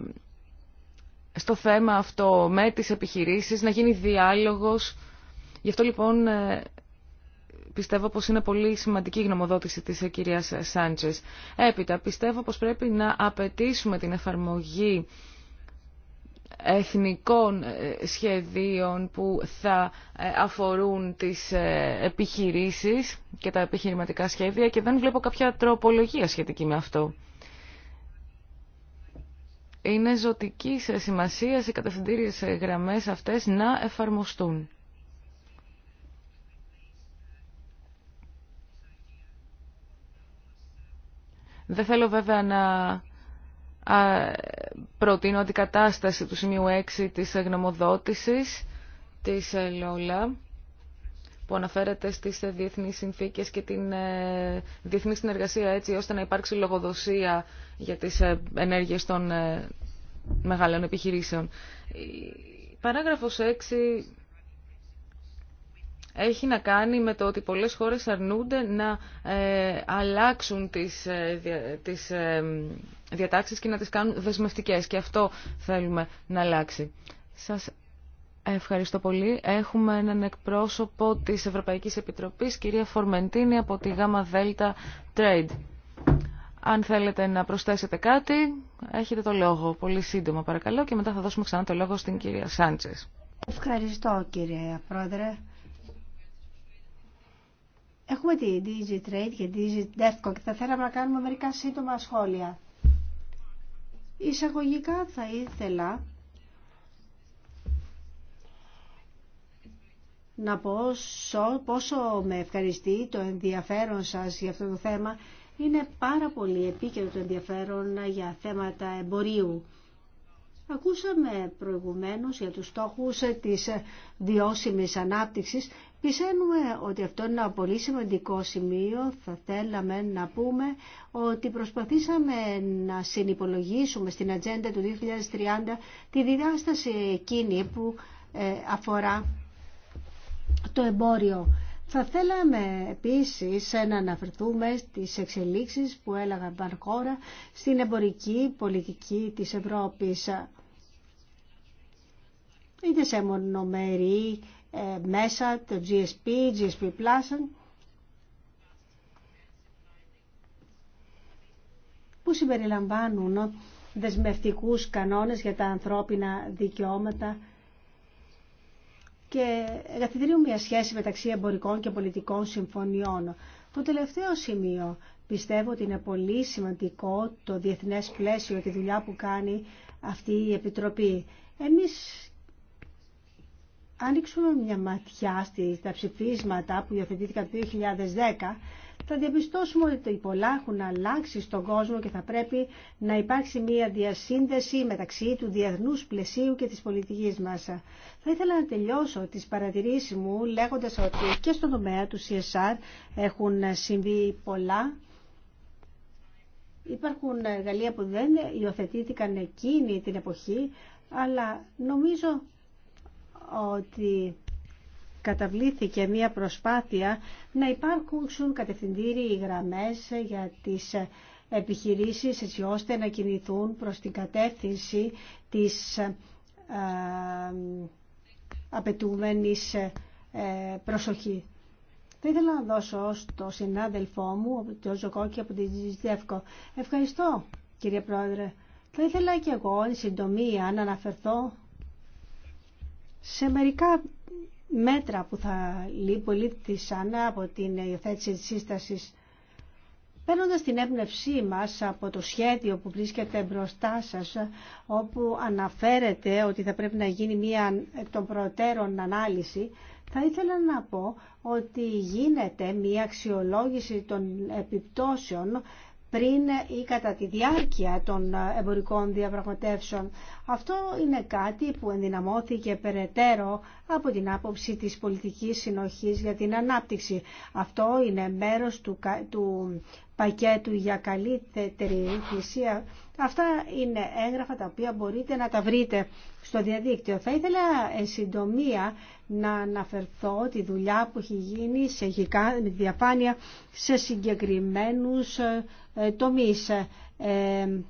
στο θέμα αυτό με τις επιχειρήσεις, να γίνει διάλογος. Γι' αυτό λοιπόν ε, πιστεύω πως είναι πολύ σημαντική η γνωμοδότηση της ε, κυρίας Σάντζες. Έπειτα πιστεύω πως πρέπει να απαιτήσουμε την εφαρμογή εθνικών ε, σχεδίων που θα ε, αφορούν τις ε, επιχειρήσεις και τα επιχειρηματικά σχέδια και δεν βλέπω κάποια τροπολογία σχετική με αυτό. Είναι ζωτική σημασία οι κατευθυντήριες γραμμές αυτές να εφαρμοστούν. Δεν θέλω βέβαια να προτείνω αντικατάσταση του σημείου 6 της γνωμοδότησης της ε, ΛΟΛΑ που αναφέρεται στις ε, διεθνείς συνθήκες και την ε, διεθνή συνεργασία έτσι ώστε να υπάρξει λογοδοσία για τις ενέργειες των μεγάλων επιχειρήσεων. Η παράγραφος 6 έχει να κάνει με το ότι πολλές χώρες αρνούνται να ε, αλλάξουν τις, ε, τις ε, διατάξεις και να τις κάνουν δεσμευτικές. Και αυτό θέλουμε να αλλάξει. Σας ευχαριστώ πολύ. Έχουμε έναν εκπρόσωπο της Ευρωπαϊκής Επιτροπής, κυρία Φορμεντίνη από τη ΓΑΜΑ ΔΕΛΤΑ Trade. Αν θέλετε να προσθέσετε κάτι, έχετε το λόγο. Πολύ σύντομα παρακαλώ και μετά θα δώσουμε ξανά το λόγο στην κυρία Σάντσες. Ευχαριστώ κύριε Πρόεδρε. Έχουμε τη Digitrade Trade και digit DEFCO και θα θέλαμε να κάνουμε μερικά σύντομα σχόλια. Εισαγωγικά θα ήθελα να πω πόσο με ευχαριστεί το ενδιαφέρον σας για αυτό το θέμα. Είναι πάρα πολύ επίκαιρο το ενδιαφέρον για θέματα εμπορίου. Ακούσαμε προηγουμένως για τους στόχους της βιώσιμης ανάπτυξης Πιστεύουμε ότι αυτό είναι ένα πολύ σημαντικό σημείο. Θα θέλαμε να πούμε ότι προσπαθήσαμε να συνυπολογίσουμε στην ατζέντα του 2030 τη διδάσταση εκείνη που ε, αφορά το εμπόριο. Θα θέλαμε επίσης να αναφερθούμε στις εξελίξεις που έλαβαν χώρα στην εμπορική πολιτική της Ευρώπης είτε σε μονομερή μέσα, το GSP, GSP+. που συμπεριλαμβάνουν δεσμευτικούς κανόνες για τα ανθρώπινα δικαιώματα και εγκαθιδρύουν μια σχέση μεταξύ εμπορικών και πολιτικών συμφωνιών. Το τελευταίο σημείο πιστεύω ότι είναι πολύ σημαντικό το διεθνές πλαίσιο και τη δουλειά που κάνει αυτή η Επιτροπή. Εμείς αν ανοίξουμε μια ματιά στα ψηφίσματα που υιοθετήθηκαν το 2010, θα διαπιστώσουμε ότι πολλά έχουν αλλάξει στον κόσμο και θα πρέπει να υπάρξει μια διασύνδεση μεταξύ του διεθνούς πλαισίου και της πολιτικής μας. Θα ήθελα να τελειώσω τις παρατηρήσεις μου λέγοντας ότι και στον τομέα του CSR έχουν συμβεί πολλά. Υπάρχουν εργαλεία που δεν υιοθετήθηκαν εκείνη την εποχή, αλλά νομίζω ότι καταβλήθηκε μια προσπάθεια να υπάρχουν κατευθυντήριοι γραμμές για τις επιχειρήσεις έτσι ώστε να κινηθούν προς την κατεύθυνση της ε, απαιτούμενης ε, προσοχή. Θα ήθελα να δώσω στο συνάδελφό μου, τον Ζωκόκη από την Ζητεύκο. Ευχαριστώ, κύριε Πρόεδρε. Θα ήθελα και εγώ, εν συντομία, να αναφερθώ σε μερικά μέτρα που θα λείπουν από την υιοθέτηση της σύστασης Παίρνοντα την έμπνευσή μας από το σχέδιο που βρίσκεται μπροστά σας, όπου αναφέρεται ότι θα πρέπει να γίνει μία εκ των προτέρων ανάλυση, θα ήθελα να πω ότι γίνεται μία αξιολόγηση των επιπτώσεων πριν ή κατά τη διάρκεια των εμπορικών διαπραγματεύσεων. Αυτό είναι κάτι που ενδυναμώθηκε περαιτέρω από την άποψη της πολιτικής συνοχής για την ανάπτυξη. Αυτό είναι μέρος του, του πακέτου για καλύτερη θυσία. Αυτά είναι έγγραφα τα οποία μπορείτε να τα βρείτε στο διαδίκτυο. Θα ήθελα εν συντομία να αναφερθώ τη δουλειά που έχει γίνει σε διαφάνεια σε συγκεκριμένους ε, ε, τομείς. Ε,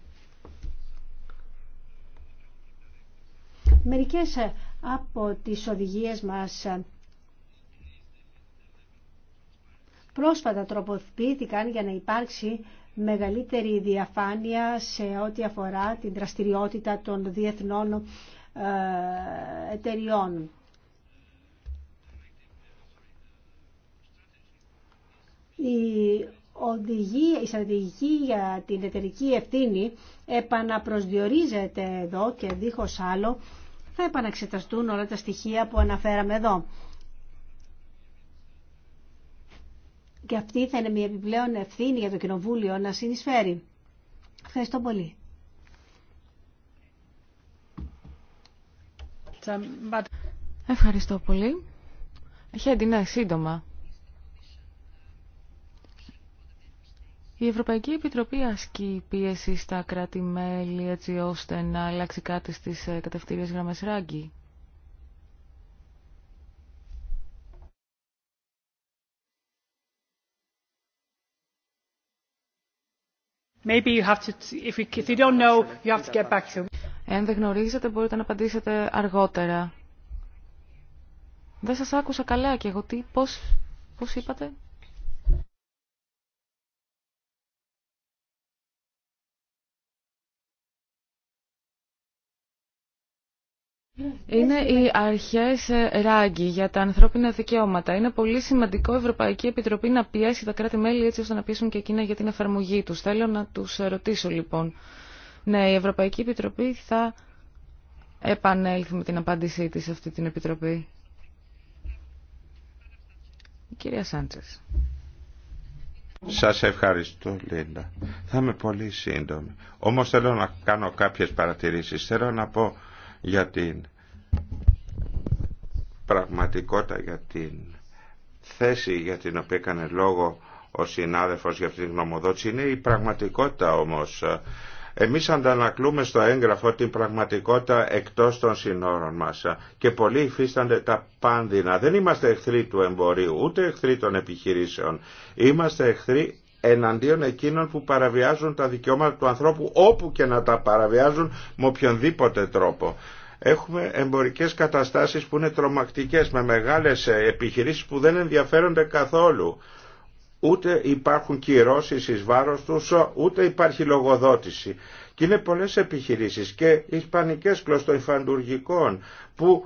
μερικές ε, από τις οδηγίες μας πρόσφατα τροποποιήθηκαν για να υπάρξει μεγαλύτερη διαφάνεια σε ό,τι αφορά την δραστηριότητα των διεθνών εταιριών οδηγία, η στρατηγική για την εταιρική ευθύνη επαναπροσδιορίζεται εδώ και δίχως άλλο θα επαναξεταστούν όλα τα στοιχεία που αναφέραμε εδώ. Και αυτή θα είναι μια επιπλέον ευθύνη για το Κοινοβούλιο να συνεισφέρει. Ευχαριστώ πολύ. Ευχαριστώ πολύ. Έχει ναι, σύντομα. Η Ευρωπαϊκή Επιτροπή ασκεί πίεση στα κράτη-μέλη έτσι ώστε να αλλάξει κάτι στις ε, κατευθύνες γραμμές ράγκη. Maybe you have to, if, you, Εάν δεν γνωρίζετε, μπορείτε να απαντήσετε αργότερα. Δεν σας άκουσα καλά και εγώ τι, πώς, πώς είπατε. είναι οι αρχές ε, ράγκη για τα ανθρώπινα δικαιώματα. Είναι πολύ σημαντικό η Ευρωπαϊκή Επιτροπή να πιέσει τα κράτη-μέλη έτσι ώστε να πιέσουν και εκείνα για την εφαρμογή τους. Θέλω να τους ε, ρωτήσω λοιπόν. Ναι, η Ευρωπαϊκή Επιτροπή θα επανέλθει με την απάντησή της σε αυτή την Επιτροπή. Η κυρία Σάντσες. Σας ευχαριστώ Λίντα. Θα είμαι πολύ σύντομη. Όμως θέλω να κάνω κάποιες παρατηρήσεις. Θέλω να πω για την πραγματικότητα για την θέση για την οποία έκανε λόγο ο συνάδελφος για αυτήν την γνωμοδότηση είναι η πραγματικότητα όμως. Εμείς αντανακλούμε στο έγγραφο την πραγματικότητα εκτός των συνόρων μας και πολλοί υφίστανται τα πάνδυνα. Δεν είμαστε εχθροί του εμπορίου, ούτε εχθροί των επιχειρήσεων. Είμαστε εχθροί εναντίον εκείνων που παραβιάζουν τα δικαιώματα του ανθρώπου όπου και να τα παραβιάζουν με οποιονδήποτε τρόπο. Έχουμε εμπορικές καταστάσεις που είναι τρομακτικές με μεγάλες ε, επιχειρήσεις που δεν ενδιαφέρονται καθόλου. Ούτε υπάρχουν κυρώσεις εις βάρος τους, ούτε υπάρχει λογοδότηση. Και είναι πολλές επιχειρήσεις και ισπανικές κλωστοϊφαντουργικών που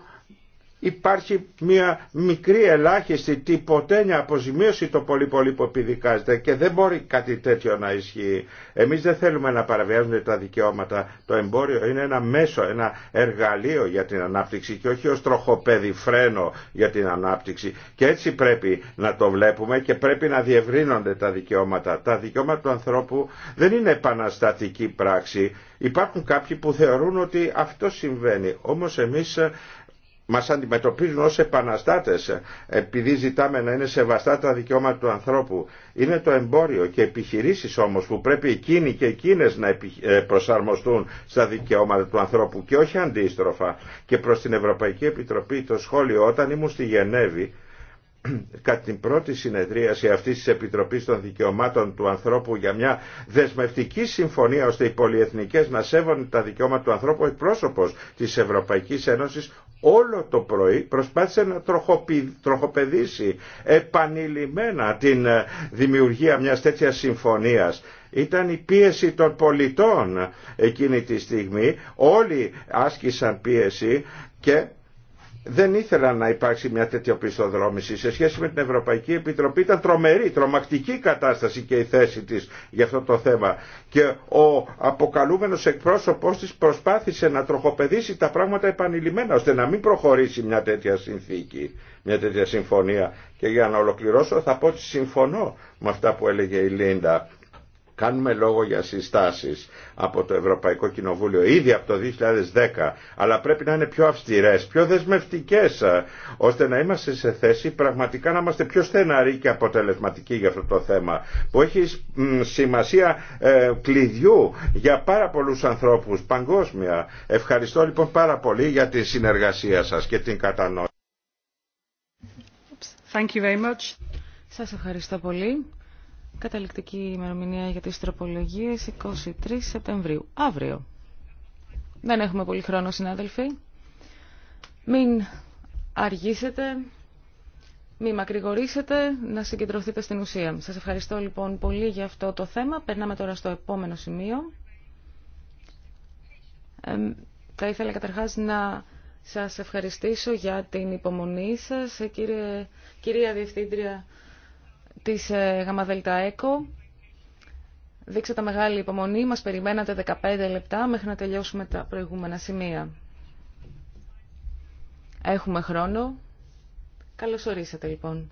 υπάρχει μια μικρή ελάχιστη τυποτένια αποζημίωση το πολύ πολύ που επιδικάζεται και δεν μπορεί κάτι τέτοιο να ισχύει. Εμείς δεν θέλουμε να παραβιάζονται τα δικαιώματα. Το εμπόριο είναι ένα μέσο, ένα εργαλείο για την ανάπτυξη και όχι ως τροχοπέδι φρένο για την ανάπτυξη. Και έτσι πρέπει να το βλέπουμε και πρέπει να διευρύνονται τα δικαιώματα. Τα δικαιώματα του ανθρώπου δεν είναι επαναστατική πράξη. Υπάρχουν κάποιοι που θεωρούν ότι αυτό συμβαίνει. Όμως εμείς μας αντιμετωπίζουν ως επαναστάτες επειδή ζητάμε να είναι σεβαστά τα δικαιώματα του ανθρώπου. Είναι το εμπόριο και επιχειρήσεις όμως που πρέπει εκείνοι και εκείνες να ε, προσαρμοστούν στα δικαιώματα του ανθρώπου και όχι αντίστροφα. Και προς την Ευρωπαϊκή Επιτροπή το σχόλιο όταν ήμουν στη Γενέβη *clears throat* κατά την πρώτη συνεδρίαση αυτής της Επιτροπής των Δικαιωμάτων του Ανθρώπου για μια δεσμευτική συμφωνία ώστε οι πολιεθνικές να σέβονται τα δικαιώματα του ανθρώπου εκπρόσωπος της Ευρωπαϊκής Ένωσης όλο το πρωί προσπάθησε να τροχοπεδίσει επανειλημμένα την ε, δημιουργία μιας τέτοιας συμφωνίας. Ήταν η πίεση των πολιτών εκείνη τη στιγμή, όλοι άσκησαν πίεση και δεν ήθελαν να υπάρξει μια τέτοια πιστοδρόμηση. Σε σχέση με την Ευρωπαϊκή Επιτροπή ήταν τρομερή, τρομακτική κατάσταση και η θέση της για αυτό το θέμα. Και ο αποκαλούμενος εκπρόσωπός της προσπάθησε να τροχοπεδίσει τα πράγματα επανειλημμένα ώστε να μην προχωρήσει μια τέτοια συνθήκη, μια τέτοια συμφωνία. Και για να ολοκληρώσω θα πω ότι συμφωνώ με αυτά που έλεγε η Λίντα κάνουμε λόγο για συστάσεις από το Ευρωπαϊκό Κοινοβούλιο ήδη από το 2010, αλλά πρέπει να είναι πιο αυστηρές, πιο δεσμευτικές, ε, ώστε να είμαστε σε θέση πραγματικά να είμαστε πιο στεναροί και αποτελεσματικοί για αυτό το θέμα, που έχει σημασία ε, κλειδιού για πάρα πολλούς ανθρώπους παγκόσμια. Ευχαριστώ λοιπόν πάρα πολύ για τη συνεργασία σας και την κατανόηση. Thank Σας ευχαριστώ πολύ. Καταληκτική ημερομηνία για τις τροπολογίες 23 Σεπτεμβρίου. Αύριο. Δεν έχουμε πολύ χρόνο, συνάδελφοι. Μην αργήσετε, μην μακρηγορήσετε, να συγκεντρωθείτε στην ουσία. Σας ευχαριστώ λοιπόν πολύ για αυτό το θέμα. Περνάμε τώρα στο επόμενο σημείο. Ε, θα ήθελα καταρχάς να σας ευχαριστήσω για την υπομονή σας, κύριε, κυρία Διευθύντρια της ε, Δείξα Δείξατε μεγάλη υπομονή, μας περιμένατε 15 λεπτά μέχρι να τελειώσουμε τα προηγούμενα σημεία. Έχουμε χρόνο. Καλώς ορίσατε λοιπόν.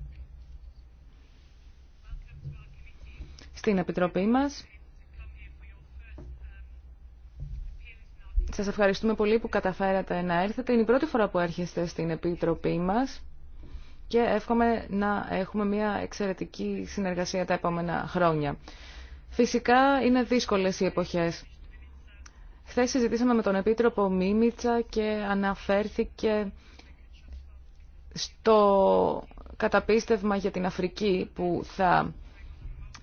Στην Επιτροπή μας. Σας ευχαριστούμε πολύ που καταφέρατε να έρθετε. Είναι η πρώτη φορά που έρχεστε στην Επιτροπή μας και εύχομαι να έχουμε μια εξαιρετική συνεργασία τα επόμενα χρόνια. Φυσικά είναι δύσκολες οι εποχές. Χθε συζητήσαμε με τον Επίτροπο Μίμητσα και αναφέρθηκε στο καταπίστευμα για την Αφρική που θα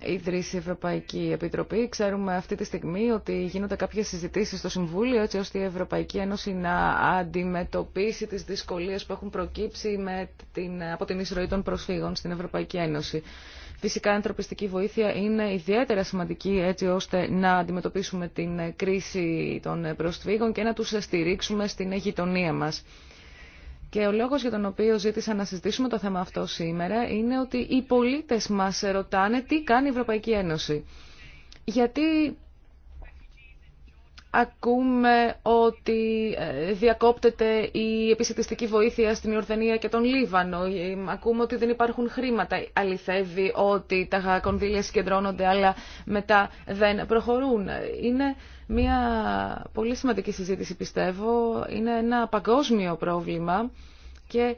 ιδρύσει η Ευρωπαϊκή Επιτροπή. Ξέρουμε αυτή τη στιγμή ότι γίνονται κάποιες συζητήσεις στο Συμβούλιο έτσι ώστε η Ευρωπαϊκή Ένωση να αντιμετωπίσει τις δυσκολίες που έχουν προκύψει με την, από την εισρωή των προσφύγων στην Ευρωπαϊκή Ένωση. Φυσικά η ανθρωπιστική βοήθεια είναι ιδιαίτερα σημαντική έτσι ώστε να αντιμετωπίσουμε την κρίση των προσφύγων και να τους στηρίξουμε στην γειτονία μας. Και ο λόγος για τον οποίο ζήτησα να συζητήσουμε το θέμα αυτό σήμερα είναι ότι οι πολίτες μας ρωτάνε τι κάνει η Ευρωπαϊκή Ένωση. Γιατί ακούμε ότι ε, διακόπτεται η επιστημιστική βοήθεια στην Ιορδανία και τον Λίβανο. Ε, ακούμε ότι δεν υπάρχουν χρήματα. Αληθεύει ότι τα κονδύλια συγκεντρώνονται αλλά μετά δεν προχωρούν. Είναι Μία πολύ σημαντική συζήτηση πιστεύω. Είναι ένα παγκόσμιο πρόβλημα και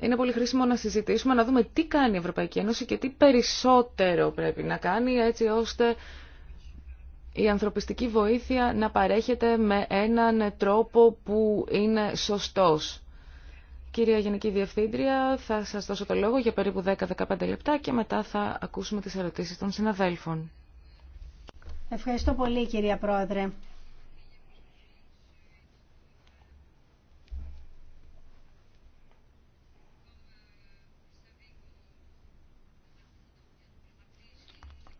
είναι πολύ χρήσιμο να συζητήσουμε, να δούμε τι κάνει η Ευρωπαϊκή Ένωση και τι περισσότερο πρέπει να κάνει έτσι ώστε η ανθρωπιστική βοήθεια να παρέχεται με έναν τρόπο που είναι σωστός. Κυρία Γενική Διευθύντρια, θα σας δώσω το λόγο για περίπου 10-15 λεπτά και μετά θα ακούσουμε τις ερωτήσεις των συναδέλφων. Ευχαριστώ πολύ κυρία Πρόεδρε.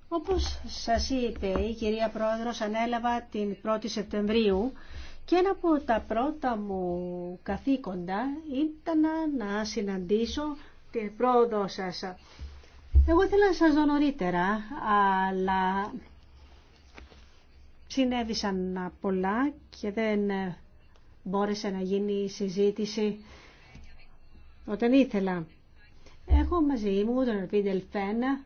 Όπως σας είπε η κυρία Πρόεδρος ανέλαβα την 1η Σεπτεμβρίου και ένα από τα πρώτα μου καθήκοντα ήταν να συναντήσω την πρόοδό σας. Εγώ ήθελα να σας δω νωρίτερα, αλλά Συνέβησαν πολλά και δεν ε, μπόρεσε να γίνει η συζήτηση όταν ήθελα. Έχω μαζί μου τον Ελπίδη Φένα.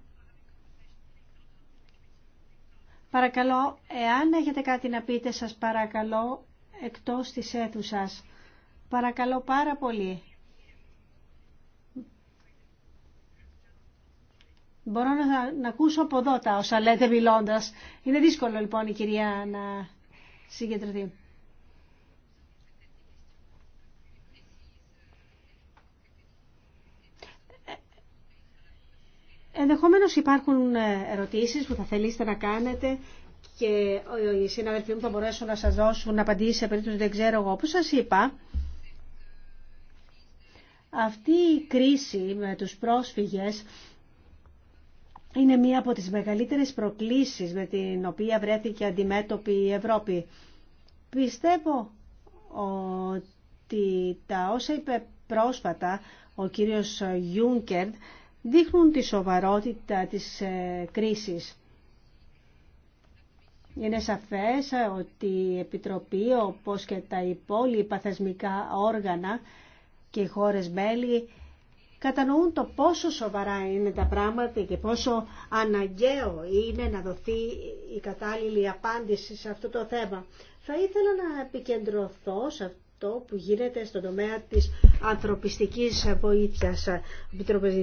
Παρακαλώ, εάν έχετε κάτι να πείτε, σας παρακαλώ, εκτός της αίθουσας. Παρακαλώ πάρα πολύ. Μπορώ να, να ακούσω από εδώ τα όσα λέτε μιλώντα. Είναι δύσκολο λοιπόν η κυρία να συγκεντρωθεί. Ε, ενδεχομένως υπάρχουν ε, ερωτήσεις που θα θέλετε να κάνετε και οι συναδελφοί μου θα μπορέσουν να σας δώσουν απαντήσεις σε περίπτωση δεν ξέρω εγώ. Όπως σας είπα, αυτή η κρίση με τους πρόσφυγες είναι μία από τις μεγαλύτερες προκλήσεις με την οποία βρέθηκε αντιμέτωπη η Ευρώπη. Πιστεύω ότι τα όσα είπε πρόσφατα ο κύριος Γιούνκερ δείχνουν τη σοβαρότητα της ε, κρίσης. Είναι σαφές ότι η Επιτροπή, όπως και τα υπόλοιπα θεσμικά όργανα και οι χώρες μέλη κατανοούν το πόσο σοβαρά είναι τα πράγματα και πόσο αναγκαίο είναι να δοθεί η κατάλληλη απάντηση σε αυτό το θέμα. Θα ήθελα να επικεντρωθώ σε αυτό που γίνεται στον τομέα της ανθρωπιστικής βοήθειας. Ο Επιτροπής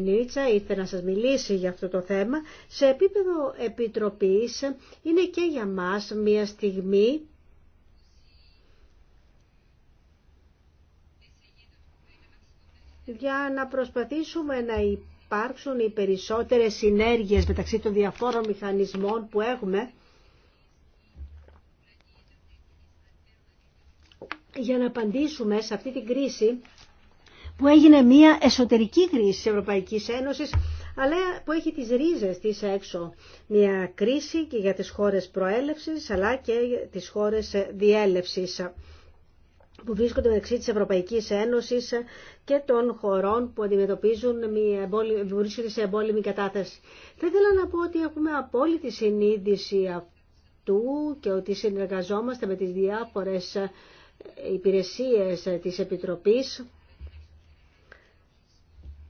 ήθελε να σας μιλήσει για αυτό το θέμα. Σε επίπεδο επιτροπής είναι και για μας μια στιγμή για να προσπαθήσουμε να υπάρξουν οι περισσότερες συνέργειες μεταξύ των διαφόρων μηχανισμών που έχουμε για να απαντήσουμε σε αυτή την κρίση που έγινε μια εσωτερική κρίση της Ευρωπαϊκής Ένωσης αλλά που έχει τις ρίζες της έξω. Μια κρίση και για τις χώρες προέλευσης αλλά και τις χώρες διέλευσης που βρίσκονται μεταξύ της Ευρωπαϊκής Ένωσης και των χωρών που αντιμετωπίζουν μια βρίσκονται σε εμπόλεμη κατάθεση. Θα ήθελα να πω ότι έχουμε απόλυτη συνείδηση αυτού και ότι συνεργαζόμαστε με τις διάφορες υπηρεσίες της Επιτροπής.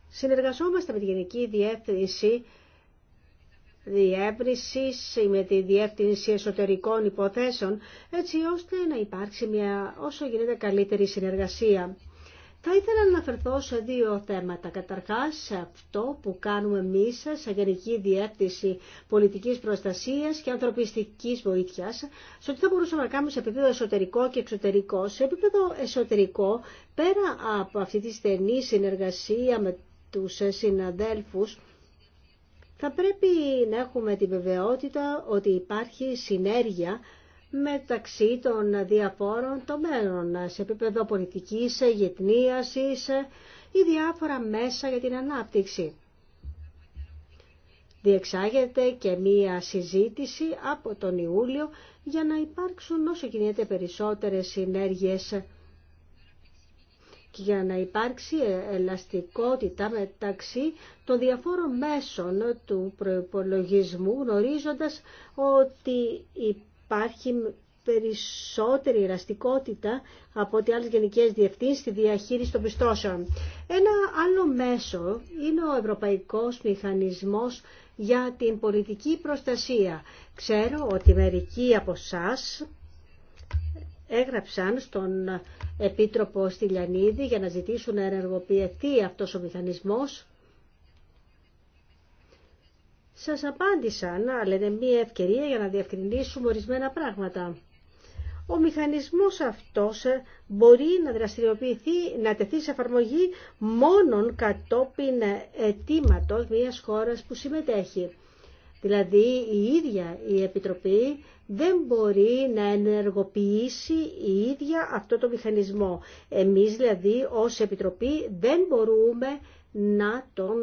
Συνεργαζόμαστε με τη Γενική Διεύθυνση διεύρυνσης με τη διεύθυνση εσωτερικών υποθέσεων, έτσι ώστε να υπάρξει μια όσο γίνεται καλύτερη συνεργασία. Θα ήθελα να αναφερθώ σε δύο θέματα. Καταρχάς, σε αυτό που κάνουμε εμείς σε Γενική Διεύθυνση Πολιτικής Προστασίας και Ανθρωπιστικής Βοήθειας, σε ό,τι θα μπορούσαμε να κάνουμε σε επίπεδο εσωτερικό και εξωτερικό. Σε επίπεδο εσωτερικό, πέρα από αυτή τη στενή συνεργασία με τους συναδέλφους, θα πρέπει να έχουμε την βεβαιότητα ότι υπάρχει συνέργεια μεταξύ των διαφόρων τομέων σε επίπεδο πολιτικής, γετνίας ή διάφορα μέσα για την ανάπτυξη. Διεξάγεται και μία συζήτηση από τον Ιούλιο για να υπάρξουν όσο κινείται περισσότερες συνέργειες για να υπάρξει ελαστικότητα μεταξύ των διαφόρων μέσων του προϋπολογισμού γνωρίζοντας ότι υπάρχει περισσότερη ελαστικότητα από ό,τι άλλες γενικές διευθύνσεις στη διαχείριση των πιστώσεων. Ένα άλλο μέσο είναι ο Ευρωπαϊκός Μηχανισμός για την Πολιτική Προστασία. Ξέρω ότι μερικοί από εσά έγραψαν στον Επίτροπο Στυλιανίδη για να ζητήσουν να ενεργοποιηθεί αυτός ο μηχανισμός. Σας απάντησαν, αλλά είναι μία ευκαιρία για να διευκρινίσουμε ορισμένα πράγματα. Ο μηχανισμός αυτός μπορεί να δραστηριοποιηθεί, να τεθεί σε εφαρμογή μόνον κατόπιν αιτήματο μιας χώρας που συμμετέχει. Δηλαδή η ίδια η Επιτροπή δεν μπορεί να ενεργοποιήσει η ίδια αυτό το μηχανισμό. Εμείς δηλαδή ως Επιτροπή δεν μπορούμε να τον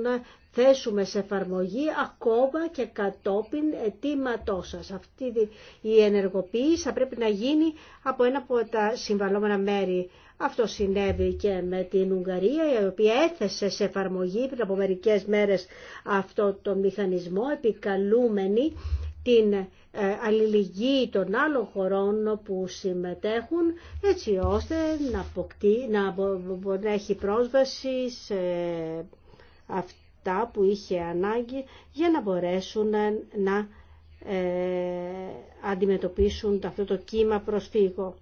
θέσουμε σε εφαρμογή ακόμα και κατόπιν αιτήματό σα. Αυτή η ενεργοποίηση θα πρέπει να γίνει από ένα από τα συμβαλόμενα μέρη. Αυτό συνέβη και με την Ουγγαρία, η οποία έθεσε σε εφαρμογή πριν από μερικές μέρες αυτό το μηχανισμό, επικαλούμενη την ε, αλληλεγγύη των άλλων χωρών που συμμετέχουν έτσι ώστε να, αποκτεί, να, έχει πρόσβαση σε αυτά που είχε ανάγκη για να μπορέσουν να ε, αντιμετωπίσουν αυτό το κύμα προσφύγων.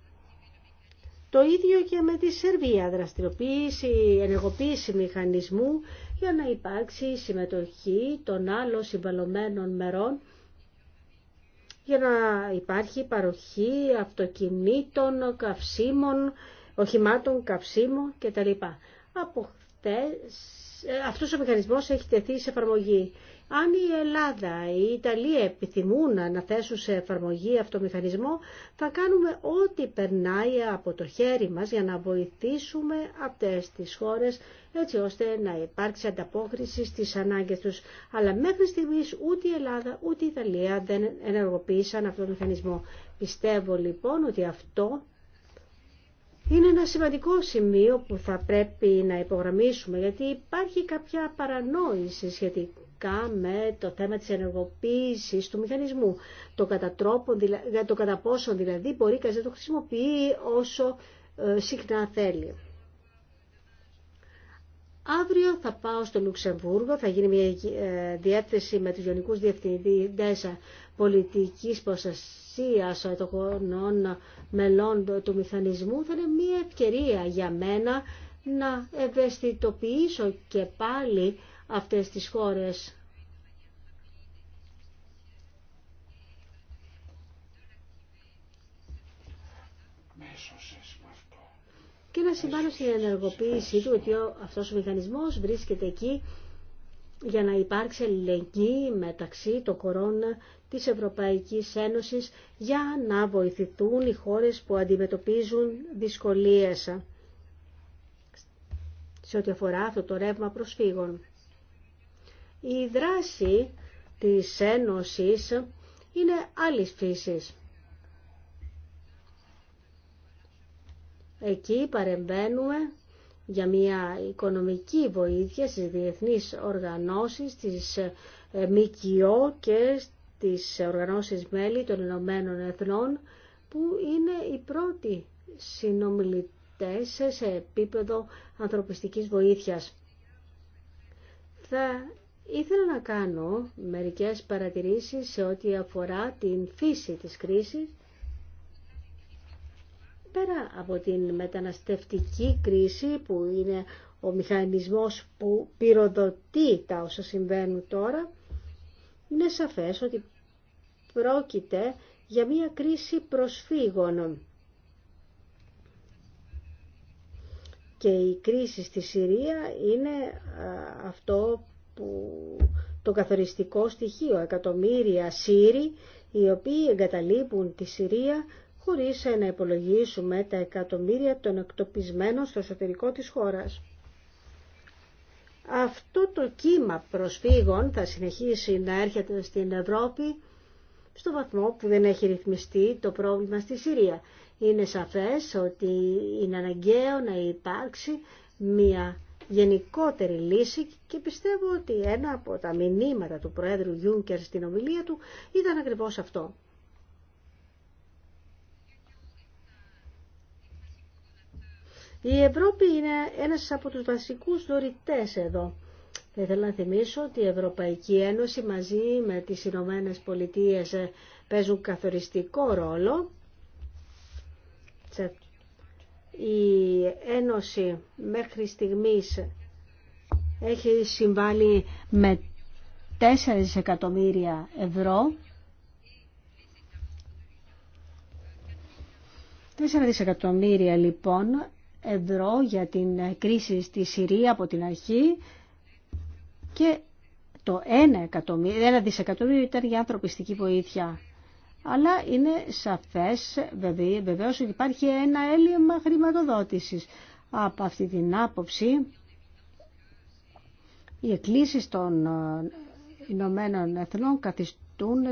Το ίδιο και με τη Σερβία, δραστηριοποίηση, ενεργοποίηση μηχανισμού για να υπάρξει συμμετοχή των άλλων συμβαλωμένων μερών για να υπάρχει παροχή αυτοκινήτων, καυσίμων, οχημάτων, καυσίμων κτλ. Από ε, αυτός ο μηχανισμός έχει τεθεί σε εφαρμογή. Αν η Ελλάδα, η Ιταλία επιθυμούν να θέσουν σε εφαρμογή αυτό το μηχανισμό, θα κάνουμε ό,τι περνάει από το χέρι μας για να βοηθήσουμε αυτές τις χώρες έτσι ώστε να υπάρξει ανταπόκριση στις ανάγκες τους. Αλλά μέχρι στιγμής ούτε η Ελλάδα ούτε η Ιταλία δεν ενεργοποίησαν αυτό το μηχανισμό. Πιστεύω λοιπόν ότι αυτό είναι ένα σημαντικό σημείο που θα πρέπει να υπογραμμίσουμε γιατί υπάρχει κάποια παρανόηση σχετικά με το θέμα της ενεργοποίησης του μηχανισμού. Το κατά, το κατά πόσο δηλαδή μπορεί κανείς να το χρησιμοποιεί όσο ε, συχνά θέλει. Αύριο θα πάω στο Λουξεμβούργο, θα γίνει μια ε, διεύθυνση με τους γενικούς διευθυντές πολιτικής προστασίας των μελών του μηχανισμού. Θα είναι μια ευκαιρία για μένα να ευαισθητοποιήσω και πάλι αυτές τις χώρες και να συμβάλλουν στην ενεργοποίησή του ότι αυτός ο μηχανισμός βρίσκεται εκεί για να υπάρξει ελληνική μεταξύ το κορώνα της Ευρωπαϊκής Ένωσης για να βοηθηθούν οι χώρες που αντιμετωπίζουν δυσκολίες σε ό,τι αφορά αυτό το ρεύμα προσφύγων. Η δράση της Ένωσης είναι άλλης φύσης. Εκεί παρεμβαίνουμε για μια οικονομική βοήθεια στις διεθνείς οργανώσεις, στις ε, ΜΚΟ και στις οργανώσεις μέλη των Ηνωμένων Εθνών, που είναι οι πρώτοι συνομιλητές σε επίπεδο ανθρωπιστικής βοήθειας. Θα ήθελα να κάνω μερικές παρατηρήσεις σε ό,τι αφορά την φύση της κρίσης πέρα από την μεταναστευτική κρίση που είναι ο μηχανισμός που πυροδοτεί τα όσα συμβαίνουν τώρα, είναι σαφές ότι πρόκειται για μια κρίση προσφύγων. Και η κρίση στη Συρία είναι αυτό που το καθοριστικό στοιχείο. Εκατομμύρια Σύριοι οι οποίοι εγκαταλείπουν τη Συρία χωρίς να υπολογίσουμε τα εκατομμύρια των εκτοπισμένων στο εσωτερικό της χώρας. Αυτό το κύμα προσφύγων θα συνεχίσει να έρχεται στην Ευρώπη στο βαθμό που δεν έχει ρυθμιστεί το πρόβλημα στη Συρία. Είναι σαφές ότι είναι αναγκαίο να υπάρξει μια γενικότερη λύση και πιστεύω ότι ένα από τα μηνύματα του Προέδρου Γιούνκερ στην ομιλία του ήταν ακριβώς αυτό. Η Ευρώπη είναι ένας από τους βασικούς δωρητές εδώ. Θα ήθελα να θυμίσω ότι η Ευρωπαϊκή Ένωση μαζί με τις Ηνωμένε Πολιτείες παίζουν καθοριστικό ρόλο. Η Ένωση μέχρι στιγμής έχει συμβάλει με 4 δισεκατομμύρια ευρώ 4 δισεκατομμύρια λοιπόν ευρώ για την κρίση στη Συρία από την αρχή και το 1, εκατομμύριο, 1 δισεκατομμύριο ήταν για ανθρωπιστική βοήθεια. Αλλά είναι σαφές βεβαίως ότι υπάρχει ένα έλλειμμα χρηματοδότησης. Από αυτή την άποψη οι εκκλήσεις των ε, Ηνωμένων Εθνών καθιστούν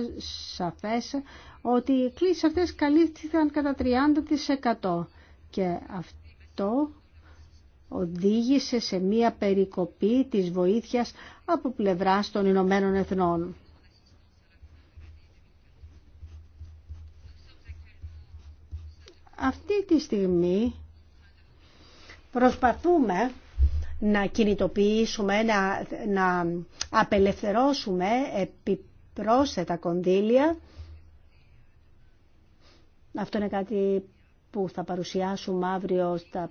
σαφές ότι οι εκκλήσεις αυτές καλύφθηκαν κατά 30% και αυτό αυτό οδήγησε σε μία περικοπή της βοήθειας από πλευράς των Ηνωμένων Εθνών. Αυτή τη στιγμή προσπαθούμε να κινητοποιήσουμε, να, να απελευθερώσουμε επιπρόσθετα κονδύλια. Αυτό είναι κάτι που θα παρουσιάσουμε αύριο στα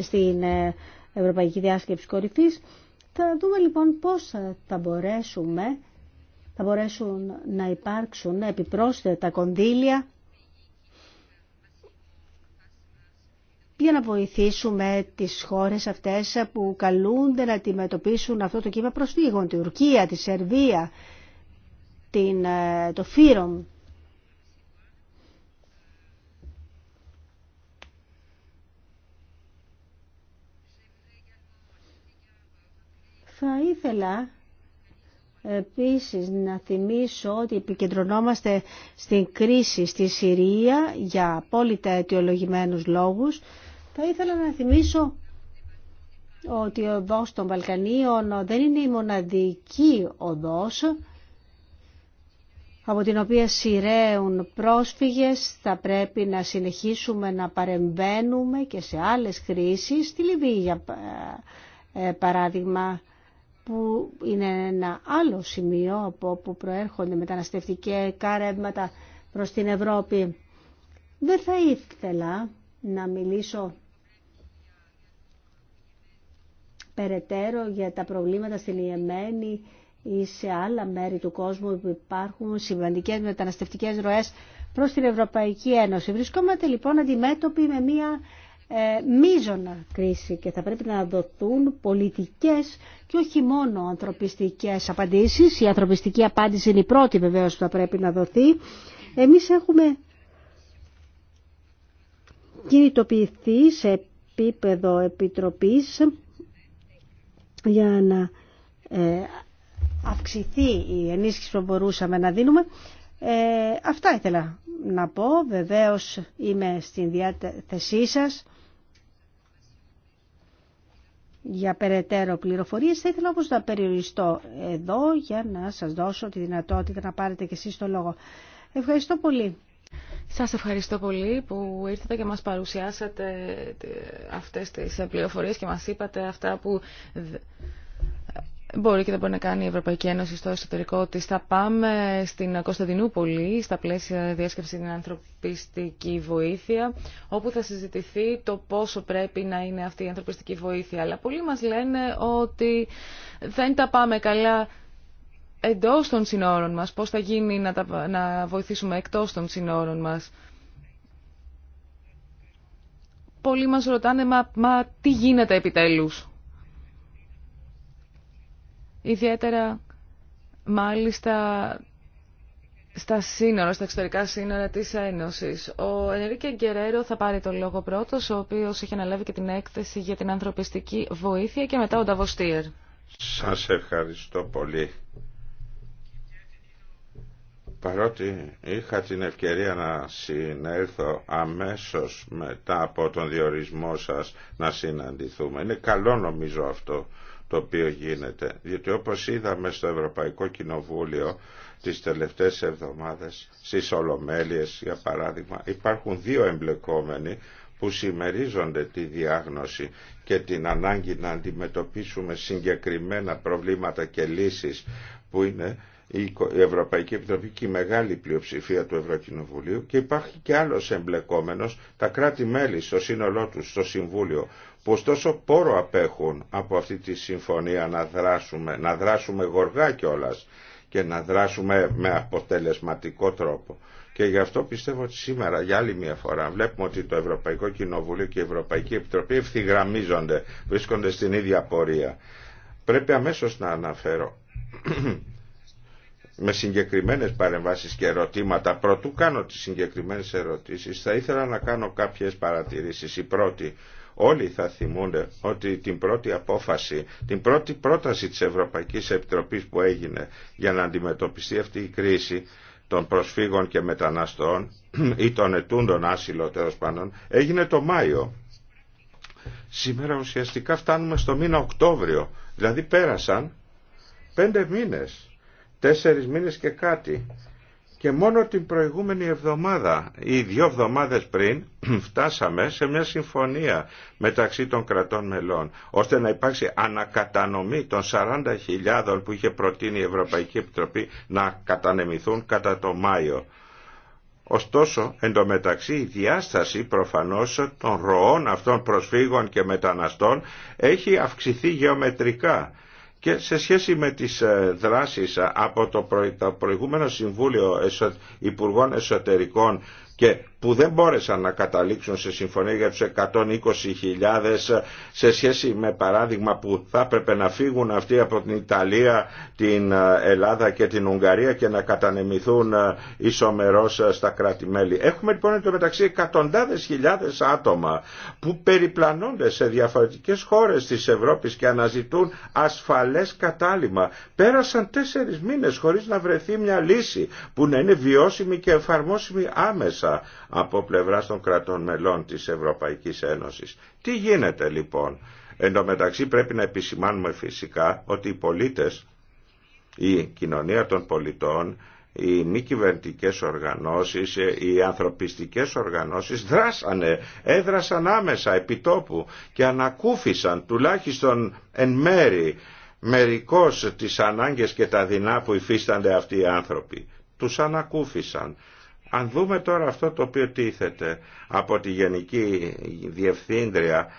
στην ε, Ευρωπαϊκή Διάσκεψη Κορυφής. Θα δούμε λοιπόν πώς θα μπορέσουμε θα μπορέσουν να υπάρξουν επιπρόσθετα κονδύλια για να βοηθήσουμε τις χώρες αυτές που καλούνται να αντιμετωπίσουν αυτό το κύμα προσφύγων, την Τουρκία, τη Σερβία, την, ε, το Φύρομ Θα ήθελα επίσης να θυμίσω ότι επικεντρωνόμαστε στην κρίση στη Συρία για απόλυτα αιτιολογημένους λόγους. Θα ήθελα να θυμίσω ότι ο οδός των Βαλκανίων δεν είναι η μοναδική οδός από την οποία σειραίουν πρόσφυγες, θα πρέπει να συνεχίσουμε να παρεμβαίνουμε και σε άλλες κρίσεις, στη Λιβύη για ε, παράδειγμα που είναι ένα άλλο σημείο από όπου προέρχονται μεταναστευτικά καρέματα προς την Ευρώπη. Δεν θα ήθελα να μιλήσω περαιτέρω για τα προβλήματα στην Ιεμένη ή σε άλλα μέρη του κόσμου που υπάρχουν σημαντικές μεταναστευτικές ροές προς την Ευρωπαϊκή Ένωση. Βρισκόμαστε λοιπόν αντιμέτωποι με μια ε, μείζωνα κρίση και θα πρέπει να δοθούν πολιτικές και όχι μόνο ανθρωπιστικές απαντήσεις. Η ανθρωπιστική απάντηση είναι η πρώτη βεβαίως που θα πρέπει να δοθεί. Εμείς έχουμε κινητοποιηθεί σε επίπεδο επιτροπής για να ε, αυξηθεί η ενίσχυση που μπορούσαμε να δίνουμε. Ε, αυτά ήθελα να πω. Βεβαίως είμαι στην διάθεσή σας για περαιτέρω πληροφορίες. Θα ήθελα όπως να περιοριστώ εδώ για να σας δώσω τη δυνατότητα να πάρετε και εσείς το λόγο. Ευχαριστώ πολύ. Σας ευχαριστώ πολύ που ήρθατε και μας παρουσιάσατε αυτές τις πληροφορίες και μας είπατε αυτά που μπορεί και δεν μπορεί να κάνει η Ευρωπαϊκή Ένωση στο εσωτερικό τη Θα πάμε στην Κωνσταντινούπολη, στα πλαίσια διάσκεψη την ανθρωπιστική βοήθεια, όπου θα συζητηθεί το πόσο πρέπει να είναι αυτή η ανθρωπιστική βοήθεια. Αλλά πολλοί μας λένε ότι δεν τα πάμε καλά εντός των συνόρων μας. Πώς θα γίνει να, να βοηθήσουμε εκτός των συνόρων μας. Πολλοί μας ρωτάνε, μα, μα τι γίνεται επιτέλους ιδιαίτερα μάλιστα στα σύνορα, στα εξωτερικά σύνορα της Ένωσης. Ο Ενρίκε Γκερέρο θα πάρει το λόγο πρώτος, ο οποίος έχει αναλάβει και την έκθεση για την ανθρωπιστική βοήθεια και μετά ο Νταβοστίερ. Σας ευχαριστώ πολύ. Παρότι είχα την ευκαιρία να συνέλθω αμέσως μετά από τον διορισμό σας να συναντηθούμε. Είναι καλό νομίζω αυτό το οποίο γίνεται. Διότι όπως είδαμε στο Ευρωπαϊκό Κοινοβούλιο τις τελευταίες εβδομάδες, στις Ολομέλειες για παράδειγμα, υπάρχουν δύο εμπλεκόμενοι που συμμερίζονται τη διάγνωση και την ανάγκη να αντιμετωπίσουμε συγκεκριμένα προβλήματα και λύσεις που είναι η Ευρωπαϊκή Επιτροπή και η μεγάλη πλειοψηφία του Ευρωκοινοβουλίου και υπάρχει και άλλος εμπλεκόμενος, τα κράτη-μέλη στο σύνολό τους, στο Συμβούλιο, πως τόσο πόρο απέχουν από αυτή τη συμφωνία να δράσουμε, να δράσουμε γοργά κιόλα και να δράσουμε με αποτελεσματικό τρόπο. Και γι' αυτό πιστεύω ότι σήμερα για άλλη μια φορά βλέπουμε ότι το Ευρωπαϊκό Κοινοβούλιο και η Ευρωπαϊκή Επιτροπή ευθυγραμμίζονται, βρίσκονται στην ίδια πορεία. Πρέπει αμέσως να αναφέρω *clears throat* με συγκεκριμένες παρεμβάσεις και ερωτήματα. Πρωτού κάνω τις συγκεκριμένες ερωτήσεις, θα ήθελα να κάνω κάποιες παρατηρήσεις. Η πρώτη, Όλοι θα θυμούνται ότι την πρώτη απόφαση, την πρώτη πρόταση της Ευρωπαϊκής Επιτροπής που έγινε για να αντιμετωπιστεί αυτή η κρίση των προσφύγων και μεταναστών ή των ετούντων άσυλο τέλος πάντων έγινε το Μάιο. Σήμερα ουσιαστικά φτάνουμε στο μήνα Οκτώβριο, δηλαδή πέρασαν πέντε μήνες, τέσσερις μήνες και κάτι και μόνο την προηγούμενη εβδομάδα ή δύο εβδομάδες πριν *clears throat* φτάσαμε σε μια συμφωνία μεταξύ των κρατών μελών ώστε να υπάρξει ανακατανομή των 40.000 που είχε προτείνει η Ευρωπαϊκή Επιτροπή να κατανεμηθούν κατά το Μάιο. Ωστόσο, εντωμεταξύ η διάσταση προφανώς των ροών αυτών προσφύγων και μεταναστών έχει αυξηθεί γεωμετρικά και σε σχέση με τις ε, δράσεις ε, από το προηγούμενο Συμβούλιο Υπουργών Εσωτερικών και που δεν μπόρεσαν να καταλήξουν σε συμφωνία για τους 120.000 σε σχέση με παράδειγμα που θα έπρεπε να φύγουν αυτοί από την Ιταλία, την ε, Ελλάδα και την Ουγγαρία και να κατανεμηθούν ε, ισομερώς ε, στα κράτη-μέλη. Έχουμε λοιπόν το μεταξύ εκατοντάδες χιλιάδες άτομα που περιπλανώνται σε διαφορετικές χώρες της Ευρώπης και αναζητούν ασφαλές κατάλημα. Πέρασαν τέσσερις μήνες χωρίς να βρεθεί μια λύση που να είναι βιώσιμη και εφαρμόσιμη άμεσα από πλευρά των κρατών μελών της Ευρωπαϊκής Ένωσης. Τι γίνεται λοιπόν. Εν τω μεταξύ πρέπει να επισημάνουμε φυσικά ότι οι πολίτες, η κοινωνία των πολιτών, οι μη κυβερνητικέ οργανώσεις, οι ανθρωπιστικές οργανώσεις δράσανε, έδρασαν άμεσα επί τόπου και ανακούφισαν τουλάχιστον εν μέρη μερικώς τις ανάγκες και τα δεινά που υφίστανται αυτοί οι άνθρωποι. Τους ανακούφισαν. Αν δούμε τώρα αυτό το οποίο τίθεται από τη Γενική Διευθύντρια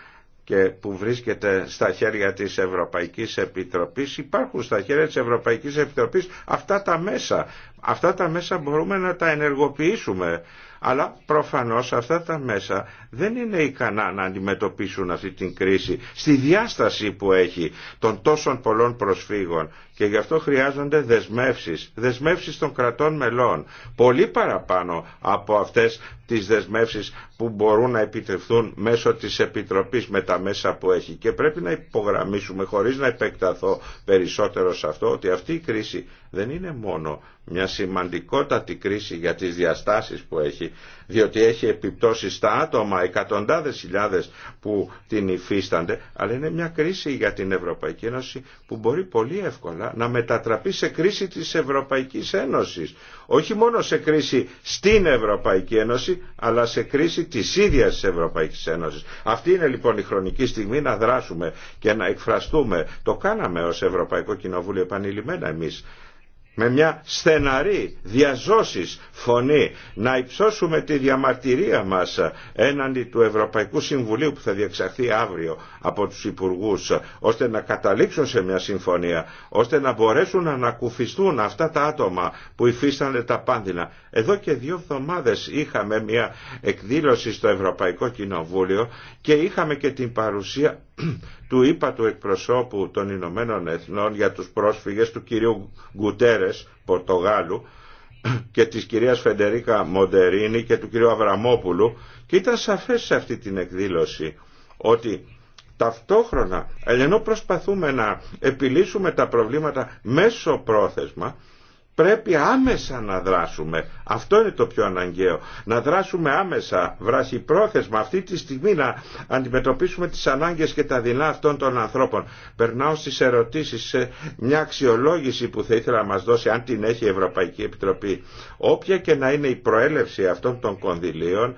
και που βρίσκεται στα χέρια της Ευρωπαϊκής Επιτροπής υπάρχουν στα χέρια της Ευρωπαϊκής Επιτροπής αυτά τα μέσα αυτά τα μέσα μπορούμε να τα ενεργοποιήσουμε αλλά προφανώς αυτά τα μέσα δεν είναι ικανά να αντιμετωπίσουν αυτή την κρίση στη διάσταση που έχει των τόσων πολλών προσφύγων και γι' αυτό χρειάζονται δεσμεύσεις, δεσμεύσεις των κρατών μελών, πολύ παραπάνω από αυτές τις δεσμεύσεις που μπορούν να επιτευχθούν μέσω της Επιτροπής με τα μέσα που έχει. Και πρέπει να υπογραμμίσουμε, χωρίς να επεκταθώ περισσότερο σε αυτό, ότι αυτή η κρίση δεν είναι μόνο μια σημαντικότατη κρίση για τις διαστάσεις που έχει, διότι έχει επιπτώσει στα άτομα, εκατοντάδες χιλιάδες που την υφίστανται, αλλά είναι μια κρίση για την Ευρωπαϊκή Ένωση που μπορεί πολύ εύκολα να μετατραπεί σε κρίση της Ευρωπαϊκής Ένωσης. Όχι μόνο σε κρίση στην Ευρωπαϊκή Ένωση, αλλά σε κρίση της ίδιας της Ευρωπαϊκής Ένωσης. Αυτή είναι λοιπόν η χρονική στιγμή να δράσουμε και να εκφραστούμε. Το κάναμε ως Ευρωπαϊκό Κοινοβούλιο επανειλημμένα εμείς με μια στεναρή διαζώσης φωνή να υψώσουμε τη διαμαρτυρία μας έναντι του Ευρωπαϊκού Συμβουλίου που θα διεξαχθεί αύριο από τους Υπουργούς ώστε να καταλήξουν σε μια συμφωνία ώστε να μπορέσουν να ανακουφιστούν αυτά τα άτομα που υφίστανε τα πάνδυνα. Εδώ και δύο εβδομάδες είχαμε μια εκδήλωση στο Ευρωπαϊκό Κοινοβούλιο και είχαμε και την παρουσία του είπα του εκπροσώπου των Ηνωμένων Εθνών για τους πρόσφυγες του κυρίου Γκουτέρες Πορτογάλου και της κυρίας Φεντερίκα Μοντερίνη και του κυρίου Αβραμόπουλου και ήταν σαφές σε αυτή την εκδήλωση ότι ταυτόχρονα ενώ προσπαθούμε να επιλύσουμε τα προβλήματα μέσω πρόθεσμα πρέπει άμεσα να δράσουμε. Αυτό είναι το πιο αναγκαίο. Να δράσουμε άμεσα, πρόθεσμα αυτή τη στιγμή να αντιμετωπίσουμε τις ανάγκες και τα δεινά αυτών των ανθρώπων. Περνάω στις ερωτήσεις, σε μια αξιολόγηση που θα ήθελα να μας δώσει, αν την έχει η Ευρωπαϊκή Επιτροπή. Όποια και να είναι η προέλευση αυτών των κονδυλίων,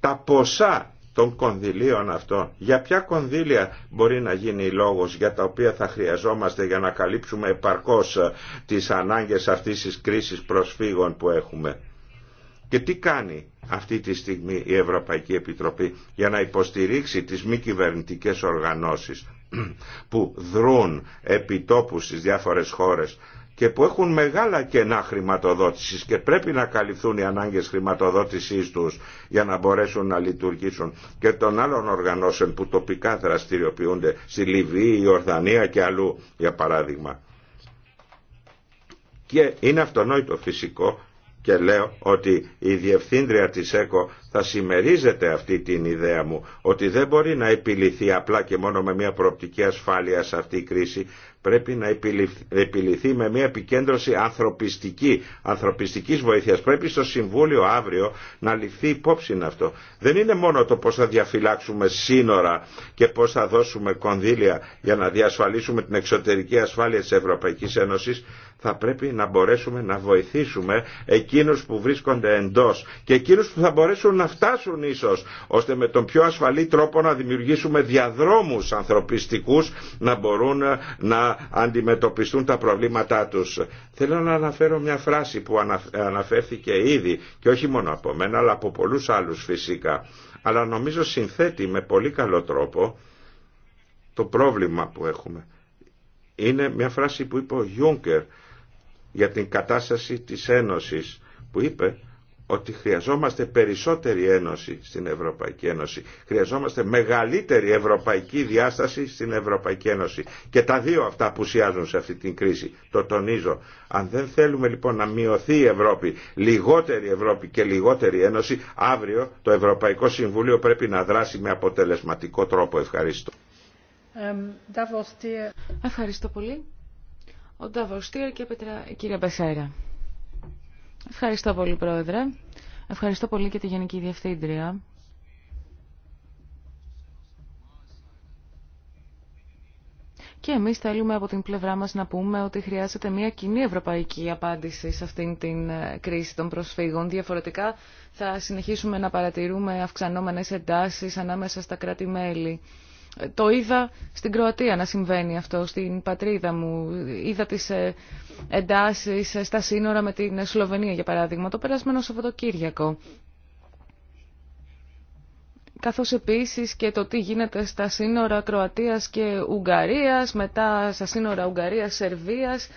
τα ποσά των κονδυλίων αυτών. Για ποια κονδύλια μπορεί να γίνει λόγος για τα οποία θα χρειαζόμαστε για να καλύψουμε επαρκώς ε, τις ανάγκες αυτής της κρίσης προσφύγων που έχουμε. Και τι κάνει αυτή τη στιγμή η Ευρωπαϊκή Επιτροπή για να υποστηρίξει τις μη κυβερνητικέ οργανώσεις *clears throat* που δρούν επιτόπου στις διάφορες χώρες και που έχουν μεγάλα κενά χρηματοδότησης και πρέπει να καλυφθούν οι ανάγκες χρηματοδότησής τους για να μπορέσουν να λειτουργήσουν και των άλλων οργανώσεων που τοπικά δραστηριοποιούνται στη Λιβύη, η Ορδανία και αλλού για παράδειγμα. Και είναι αυτονόητο φυσικό και λέω ότι η διευθύντρια της ΕΚΟ θα συμμερίζεται αυτή την ιδέα μου ότι δεν μπορεί να επιληθεί απλά και μόνο με μια προοπτική ασφάλεια σε αυτή η κρίση πρέπει να επιληθεί με μια επικέντρωση ανθρωπιστική, ανθρωπιστικής βοήθειας. Πρέπει στο Συμβούλιο αύριο να ληφθεί υπόψη αυτό. Δεν είναι μόνο το πώς θα διαφυλάξουμε σύνορα και πώς θα δώσουμε κονδύλια για να διασφαλίσουμε την εξωτερική ασφάλεια της Ευρωπαϊκής Ένωσης θα πρέπει να μπορέσουμε να βοηθήσουμε εκείνους που βρίσκονται εντός και εκείνους που θα μπορέσουν να φτάσουν ίσως ώστε με τον πιο ασφαλή τρόπο να δημιουργήσουμε διαδρόμους ανθρωπιστικούς να μπορούν ε, να αντιμετωπιστούν τα προβλήματά τους. Θέλω να αναφέρω μια φράση που αναφέρθηκε ήδη και όχι μόνο από μένα αλλά από πολλούς άλλους φυσικά αλλά νομίζω συνθέτει με πολύ καλό τρόπο το πρόβλημα που έχουμε. Είναι μια φράση που είπε ο Γιούγκερ για την κατάσταση της Ένωσης που είπε ότι χρειαζόμαστε περισσότερη ένωση στην Ευρωπαϊκή Ένωση. Χρειαζόμαστε μεγαλύτερη ευρωπαϊκή διάσταση στην Ευρωπαϊκή Ένωση. Και τα δύο αυτά που σε αυτή την κρίση. Το τονίζω. Αν δεν θέλουμε λοιπόν να μειωθεί η Ευρώπη, λιγότερη Ευρώπη και λιγότερη Ένωση, αύριο το Ευρωπαϊκό Συμβούλιο πρέπει να δράσει με αποτελεσματικό τρόπο. Ευχαριστώ. Ευχαριστώ πολύ ο Στήρ και η κυρία Μπεσέρα. Ευχαριστώ πολύ, Πρόεδρε. Ευχαριστώ πολύ και τη Γενική Διευθύντρια. Και εμείς θέλουμε από την πλευρά μας να πούμε ότι χρειάζεται μια κοινή ευρωπαϊκή απάντηση σε αυτήν την ε, κρίση των προσφύγων. Διαφορετικά θα συνεχίσουμε να παρατηρούμε αυξανόμενες εντάσεις ανάμεσα στα κράτη-μέλη το είδα στην Κροατία να συμβαίνει αυτό, στην πατρίδα μου. Είδα τις ε, εντάσεις στα σύνορα με την Σλοβενία, για παράδειγμα, το περασμένο Σαββατοκύριακο. Καθώς επίσης και το τι γίνεται στα σύνορα Κροατίας και Ουγγαρίας, μετά στα σύνορα Ουγγαρίας-Σερβίας.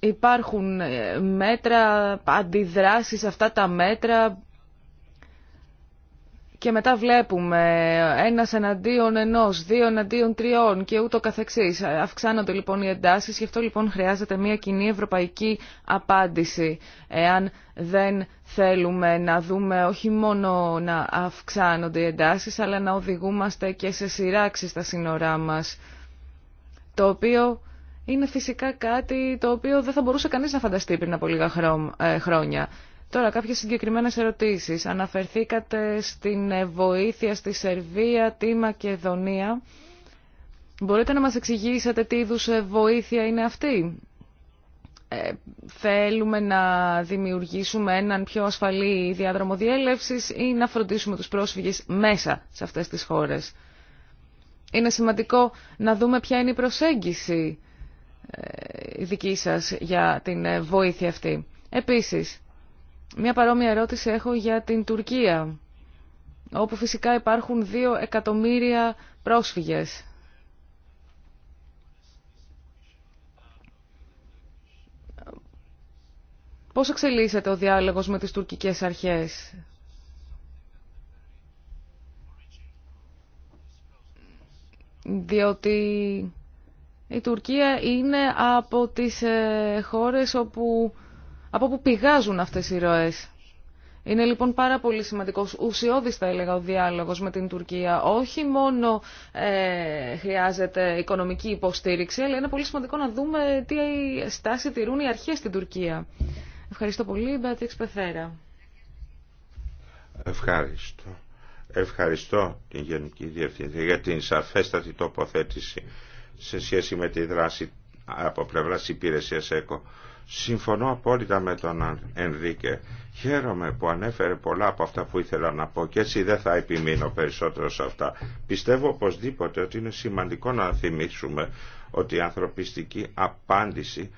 Υπάρχουν ε, μέτρα, αντιδράσεις αυτά τα μέτρα και μετά βλέπουμε ένα εναντίον ενός, δύο εναντίον τριών και ούτω καθεξής. Αυξάνονται λοιπόν οι εντάσεις, γι' αυτό λοιπόν χρειάζεται μια κοινή ευρωπαϊκή απάντηση, εάν δεν θέλουμε να δούμε όχι μόνο να αυξάνονται οι εντάσεις, αλλά να οδηγούμαστε και σε σειράξεις στα σύνορά μας, το οποίο είναι φυσικά κάτι το οποίο δεν θα μπορούσε κανείς να φανταστεί πριν από λίγα ε, χρόνια. Τώρα κάποιες συγκεκριμένες ερωτήσεις. Αναφερθήκατε στην βοήθεια στη Σερβία, τη Μακεδονία. Μπορείτε να μας εξηγήσετε τι είδους βοήθεια είναι αυτή. Ε, θέλουμε να δημιουργήσουμε έναν πιο ασφαλή διάδρομο διέλευσης ή να φροντίσουμε τους πρόσφυγες μέσα σε αυτές τις χώρες. Είναι σημαντικό να δούμε ποια είναι η προσέγγιση ε, δική σας για την βοήθεια αυτή. Επίσης, μια παρόμοια ερώτηση έχω για την Τουρκία, όπου φυσικά υπάρχουν δύο εκατομμύρια πρόσφυγες. Πώς εξελίσσεται ο διάλογος με τις τουρκικές αρχές. Διότι η Τουρκία είναι από τις ε, χώρες όπου από πού πηγάζουν αυτές οι ροές. Είναι λοιπόν πάρα πολύ σημαντικός, ουσιώδης θα έλεγα, ο διάλογος με την Τουρκία. Όχι μόνο ε, χρειάζεται οικονομική υποστήριξη, αλλά είναι πολύ σημαντικό να δούμε τι στάση τηρούν οι αρχές στην Τουρκία. Ευχαριστώ πολύ, Μπέτριξ Πεθέρα. Ευχαριστώ. Ευχαριστώ την Γενική Διευθυντή για την σαφέστατη τοποθέτηση σε σχέση με τη δράση από πλευράς υπηρεσίας ΕΚΟ Συμφωνώ απόλυτα με τον Ενρίκε. Χαίρομαι που ανέφερε πολλά από αυτά που ήθελα να πω και έτσι δεν θα επιμείνω περισσότερο σε αυτά. Πιστεύω οπωσδήποτε ότι είναι σημαντικό να θυμίσουμε ότι η ανθρωπιστική απάντηση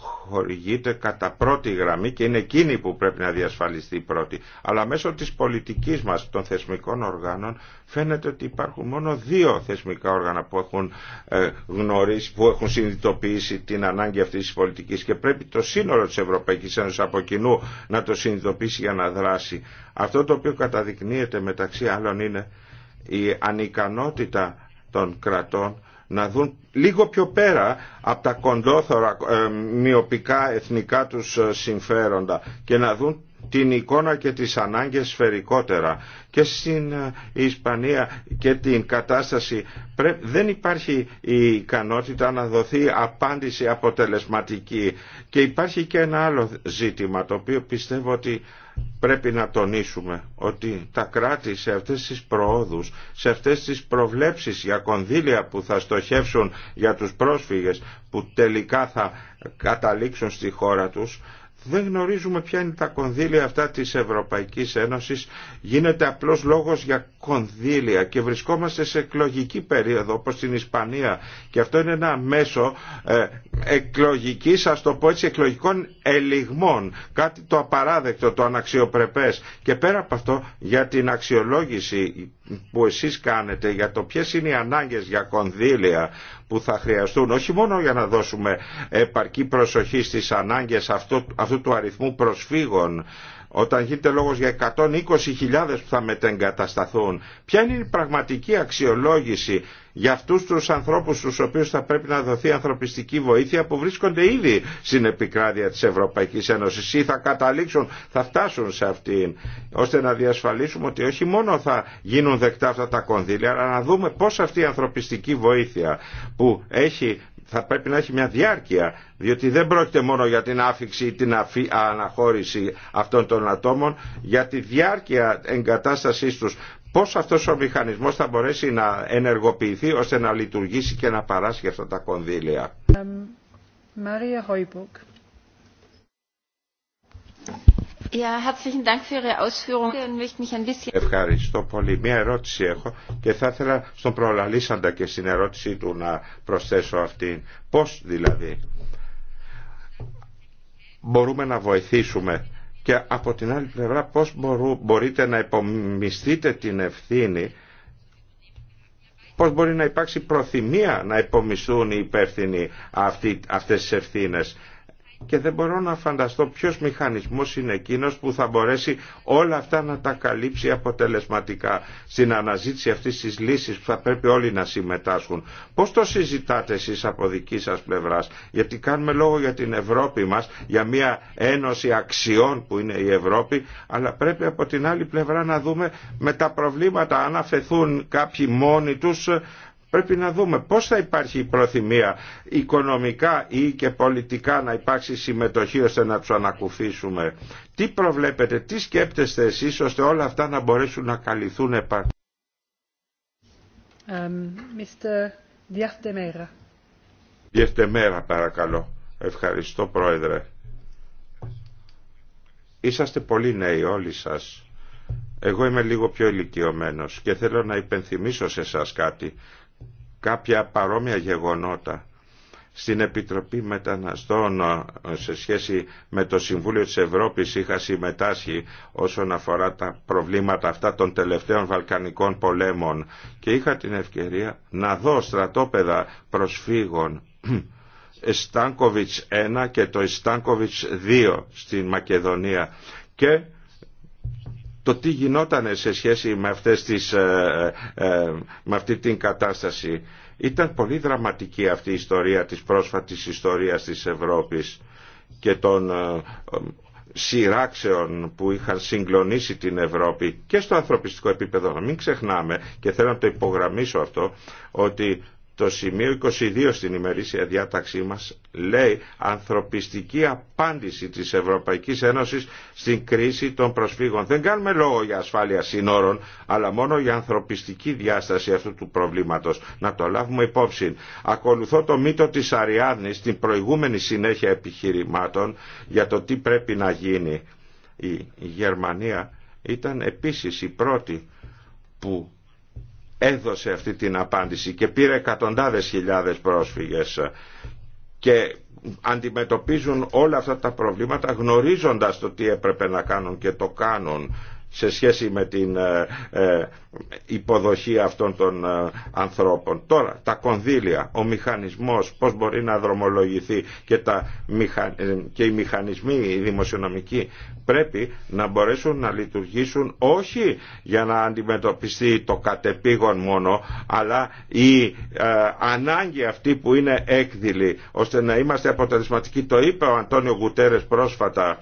χορηγείται κατά πρώτη γραμμή και είναι εκείνη που πρέπει να διασφαλιστεί πρώτη. Αλλά μέσω της πολιτικής μας των θεσμικών οργάνων φαίνεται ότι υπάρχουν μόνο δύο θεσμικά όργανα που έχουν ε, γνωρίσει, που έχουν συνειδητοποιήσει την ανάγκη αυτής της πολιτικής και πρέπει το σύνολο της Ευρωπαϊκής Ένωσης από κοινού να το συνειδητοποιήσει για να δράσει. Αυτό το οποίο καταδεικνύεται μεταξύ άλλων είναι η ανικανότητα των κρατών να δουν λίγο πιο πέρα από τα κοντόθωρα ε, μειοπικά εθνικά τους ε, συμφέροντα και να δουν την εικόνα και τις ανάγκες σφαιρικότερα και στην ε, Ισπανία και την κατάσταση δεν υπάρχει η ικανότητα να δοθεί απάντηση αποτελεσματική και υπάρχει και ένα άλλο ζήτημα το οποίο πιστεύω ότι πρέπει να τονίσουμε ότι τα κράτη σε αυτές τις προόδους, σε αυτές τις προβλέψεις για κονδύλια που θα στοχεύσουν για τους πρόσφυγες που τελικά θα καταλήξουν στη χώρα τους, δεν γνωρίζουμε ποια είναι τα κονδύλια αυτά της Ευρωπαϊκής Ένωσης. Γίνεται απλώς λόγος για κονδύλια και βρισκόμαστε σε εκλογική περίοδο όπως στην Ισπανία και αυτό είναι ένα μέσο ε, εκλογικής, ας το πω έτσι, εκλογικών ελιγμών. Κάτι το απαράδεκτο, το αναξιοπρεπές. Και πέρα από αυτό για την αξιολόγηση που εσείς κάνετε για το ποιες είναι οι ανάγκες για κονδύλια που θα χρειαστούν όχι μόνο για να δώσουμε επαρκή προσοχή στις ανάγκες αυτού, του αριθμού προσφύγων όταν γίνεται λόγος για 120.000 που θα μετεγκατασταθούν ποια είναι η πραγματική αξιολόγηση για αυτούς τους ανθρώπους στους οποίους θα πρέπει να δοθεί ανθρωπιστική βοήθεια που βρίσκονται ήδη στην επικράτεια της Ευρωπαϊκής Ένωσης ή θα καταλήξουν, θα φτάσουν σε αυτήν ώστε να διασφαλίσουμε ότι όχι μόνο θα γίνουν δεκτά αυτά τα κονδύλια αλλά να δούμε πώς αυτή η ανθρωπιστική βοήθεια που έχει θα πρέπει να έχει μια διάρκεια, διότι δεν πρόκειται μόνο για την άφηξη ή την αναχώρηση αυτών των ατόμων, για τη διάρκεια εγκατάστασής τους πώς αυτός ο μηχανισμός θα μπορέσει να ενεργοποιηθεί ώστε να λειτουργήσει και να παράσχει αυτά τα κονδύλια. Ευχαριστώ πολύ. Μία ερώτηση έχω και θα ήθελα στον προλαλήσαντα και στην ερώτησή του να προσθέσω αυτήν. Πώς δηλαδή μπορούμε να βοηθήσουμε και από την άλλη πλευρά πώς μπορείτε να υπομισθείτε την ευθύνη πώς μπορεί να υπάρξει προθυμία να υπομισθούν οι υπεύθυνοι αυτοί, αυτές τις ευθύνες και δεν μπορώ να φανταστώ ποιος μηχανισμός είναι εκείνος που θα μπορέσει όλα αυτά να τα καλύψει αποτελεσματικά στην αναζήτηση αυτής της λύσης που θα πρέπει όλοι να συμμετάσχουν. Πώς το συζητάτε εσείς από δική σας πλευράς, γιατί κάνουμε λόγο για την Ευρώπη μας, για μια ένωση αξιών που είναι η Ευρώπη, αλλά πρέπει από την άλλη πλευρά να δούμε με τα προβλήματα αν αφαιθούν κάποιοι μόνοι τους Πρέπει να δούμε πώς θα υπάρχει η προθυμία οικονομικά ή και πολιτικά να υπάρξει συμμετοχή ώστε να του ανακουφίσουμε. Τι προβλέπετε, τι σκέπτεστε εσείς ώστε όλα αυτά να μπορέσουν να καλυφθούν επαρκώς. Διευτεμέρα παρακαλώ. Ευχαριστώ πρόεδρε. Είσαστε πολύ νέοι όλοι σας. Εγώ είμαι λίγο πιο ηλικιωμένος και θέλω να υπενθυμίσω σε σας κάτι κάποια παρόμοια γεγονότα στην Επιτροπή Μεταναστών ε, σε σχέση με το Συμβούλιο της Ευρώπης είχα συμμετάσχει όσον αφορά τα προβλήματα αυτά των τελευταίων Βαλκανικών πολέμων και είχα την ευκαιρία να δω στρατόπεδα προσφύγων *clears throat* Στάνκοβιτς 1 και το Στάνκοβιτς 2 στην Μακεδονία και το τι γινόταν σε σχέση με, αυτές τις, ε, ε, ε, με αυτή την κατάσταση. Ήταν πολύ δραματική αυτή η ιστορία της πρόσφατης ιστορίας της Ευρώπης και των σειράξεων που είχαν συγκλονίσει την Ευρώπη και στο ανθρωπιστικό επίπεδο. Να μην ξεχνάμε και θέλω να το υπογραμμίσω αυτό ότι το σημείο 22 στην ημερήσια διάταξή μας λέει ανθρωπιστική απάντηση της Ευρωπαϊκής Ένωσης στην κρίση των προσφύγων. Δεν κάνουμε λόγο για ασφάλεια σύνορων, αλλά μόνο για ανθρωπιστική διάσταση αυτού του προβλήματος. Να το λάβουμε υπόψη. Ακολουθώ το μύτο της Αριάννης στην προηγούμενη συνέχεια επιχειρημάτων για το τι πρέπει να γίνει. Η Γερμανία ήταν επίσης η πρώτη που έδωσε αυτή την απάντηση και πήρε εκατοντάδες χιλιάδες πρόσφυγες και αντιμετωπίζουν όλα αυτά τα προβλήματα γνωρίζοντας το τι έπρεπε να κάνουν και το κάνουν σε σχέση με την ε, ε, υποδοχή αυτών των ε, ανθρώπων. Τώρα, τα κονδύλια, ο μηχανισμός, πώς μπορεί να δρομολογηθεί και, τα, και οι μηχανισμοί, οι δημοσιονομικοί, πρέπει να μπορέσουν να λειτουργήσουν όχι για να αντιμετωπιστεί το κατεπήγον μόνο, αλλά η ανάγκη αυτή που είναι έκδηλη, ώστε να είμαστε αποτελεσματικοί. Το είπε ο Αντώνιο Γουτέρες πρόσφατα,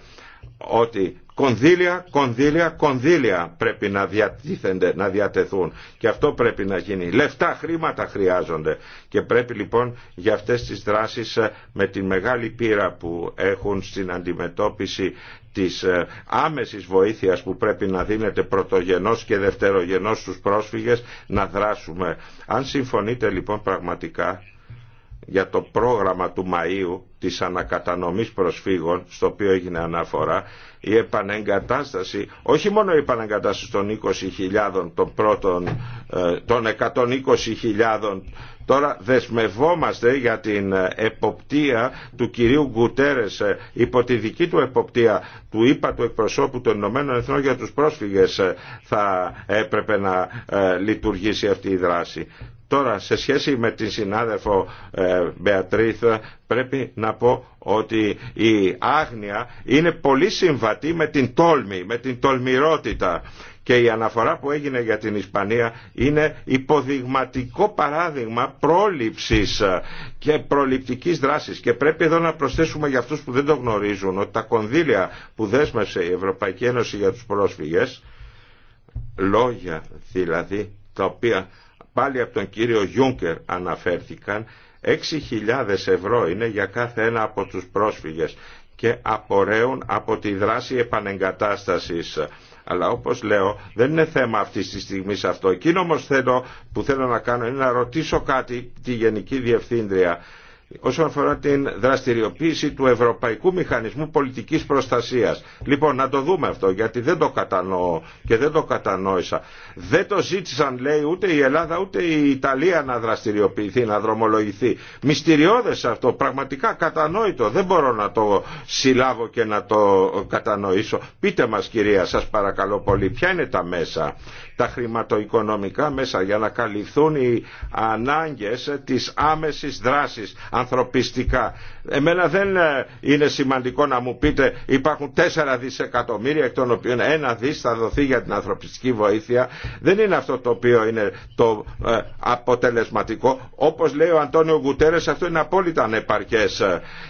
ότι Κονδύλια, κονδύλια, κονδύλια πρέπει να διατίθενται, να διατεθούν. Και αυτό πρέπει να γίνει. Λεφτά, χρήματα χρειάζονται. Και πρέπει λοιπόν για αυτές τις δράσεις ε, με την μεγάλη πείρα που έχουν στην αντιμετώπιση της ε, άμεσης βοήθειας που πρέπει να δίνεται πρωτογενός και δευτερογενός στους πρόσφυγες να δράσουμε. Αν συμφωνείτε λοιπόν πραγματικά για το πρόγραμμα του Μαΐου της ανακατανομής προσφύγων στο οποίο έγινε αναφορά η επανεγκατάσταση όχι μόνο η επανεγκατάσταση των 20.000 των πρώτων ε, των 120.000 Τώρα δεσμευόμαστε για την ε, εποπτεία του κυρίου Γκουτέρες ε, υπό τη δική του εποπτεία του ΙΠΑ του εκπροσώπου των Ηνωμένων για τους πρόσφυγες θα έπρεπε να λειτουργήσει αυτή η δράση. Τώρα, σε σχέση με την συνάδελφο ε, πρέπει να πω ότι η άγνοια είναι πολύ συμβατή με την τόλμη, με την τολμηρότητα. Και η αναφορά που έγινε για την Ισπανία είναι υποδειγματικό παράδειγμα πρόληψης ε, και προληπτικής δράσης. Και πρέπει εδώ να προσθέσουμε για αυτούς που δεν το γνωρίζουν ότι τα κονδύλια που δέσμευσε η Ευρωπαϊκή Ένωση για τους πρόσφυγες, λόγια δηλαδή τα οποία πάλι από τον κύριο Γιούγκερ αναφέρθηκαν 6.000 ευρώ είναι για κάθε ένα από τους πρόσφυγες και απορρέουν από τη δράση επανεγκατάστασης. Αλλά όπως λέω δεν είναι θέμα αυτή τη στιγμή αυτό. Εκείνο όμως θέλω, που θέλω να κάνω είναι να ρωτήσω κάτι τη Γενική Διευθύντρια όσον αφορά την δραστηριοποίηση του Ευρωπαϊκού Μηχανισμού Πολιτικής Προστασίας. Λοιπόν, να το δούμε αυτό, γιατί δεν το κατανοώ και δεν το κατανόησα. Δεν το ζήτησαν, λέει, ούτε η Ελλάδα ούτε η Ιταλία να δραστηριοποιηθεί, να δρομολογηθεί. Μυστηριώδες αυτό, πραγματικά κατανόητο. Δεν μπορώ να το συλλάβω και να το κατανοήσω. Πείτε μας, κυρία, σας παρακαλώ πολύ, ποια είναι τα μέσα τα χρηματοοικονομικά μέσα για να καλυφθούν οι ανάγκες της άμεσης δράσης ανθρωπιστικά. Εμένα δεν ε, είναι σημαντικό να μου πείτε υπάρχουν 4 δισεκατομμύρια εκ των οποίων ένα δις θα δοθεί για την ανθρωπιστική βοήθεια. Δεν είναι αυτό το οποίο είναι το ε, αποτελεσματικό. Όπως λέει ο Αντώνιο Γκουτέρες αυτό είναι απόλυτα ανεπαρκές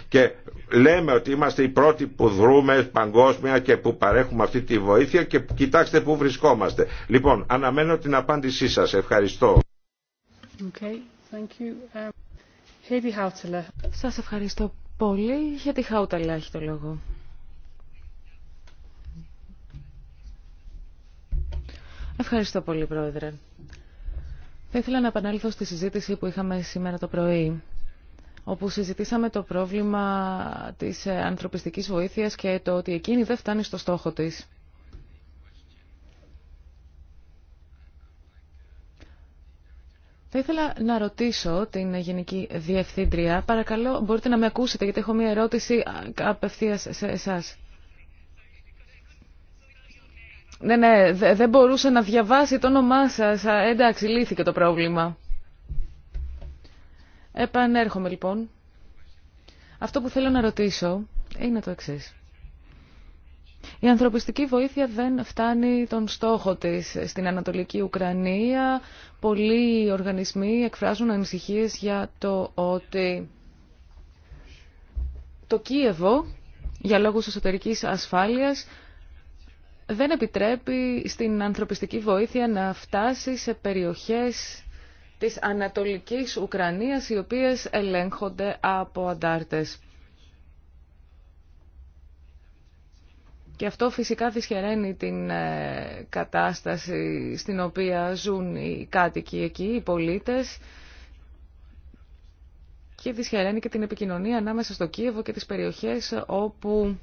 και λέμε ότι είμαστε οι πρώτοι που δρούμε παγκόσμια και που παρέχουμε αυτή τη βοήθεια και κοιτάξτε πού βρισκόμαστε. Λοιπόν, αναμένω την απάντησή σας. Ευχαριστώ. Okay, thank you. Um, σας ευχαριστώ πολύ. Για τη Χάουταλα έχει το λόγο. Ευχαριστώ πολύ, Πρόεδρε. Θα ήθελα να επανέλθω στη συζήτηση που είχαμε σήμερα το πρωί όπου συζητήσαμε το πρόβλημα της ε, ανθρωπιστικής βοήθειας και το ότι εκείνη δεν φτάνει στο στόχο της. Θα ήθελα να ρωτήσω την Γενική Διευθύντρια. Παρακαλώ, μπορείτε να με ακούσετε, γιατί έχω μία ερώτηση απευθείας σε εσάς. Ναι, ναι, δεν μπορούσε να διαβάσει το όνομά σας. Εντάξει, λύθηκε το πρόβλημα. Επανέρχομαι λοιπόν. Αυτό που θέλω να ρωτήσω είναι το εξής. Η ανθρωπιστική βοήθεια δεν φτάνει τον στόχο της στην Ανατολική Ουκρανία. Πολλοί οργανισμοί εκφράζουν ανησυχίες για το ότι το Κίεβο, για λόγους εσωτερικής ασφάλειας, δεν επιτρέπει στην ανθρωπιστική βοήθεια να φτάσει σε περιοχές της Ανατολικής Ουκρανίας, οι οποίες ελέγχονται από αντάρτες. Και αυτό φυσικά δυσχεραίνει την ε, κατάσταση στην οποία ζουν οι κάτοικοι εκεί, οι πολίτες και δυσχεραίνει και την επικοινωνία ανάμεσα στο Κίεβο και τις περιοχές όπου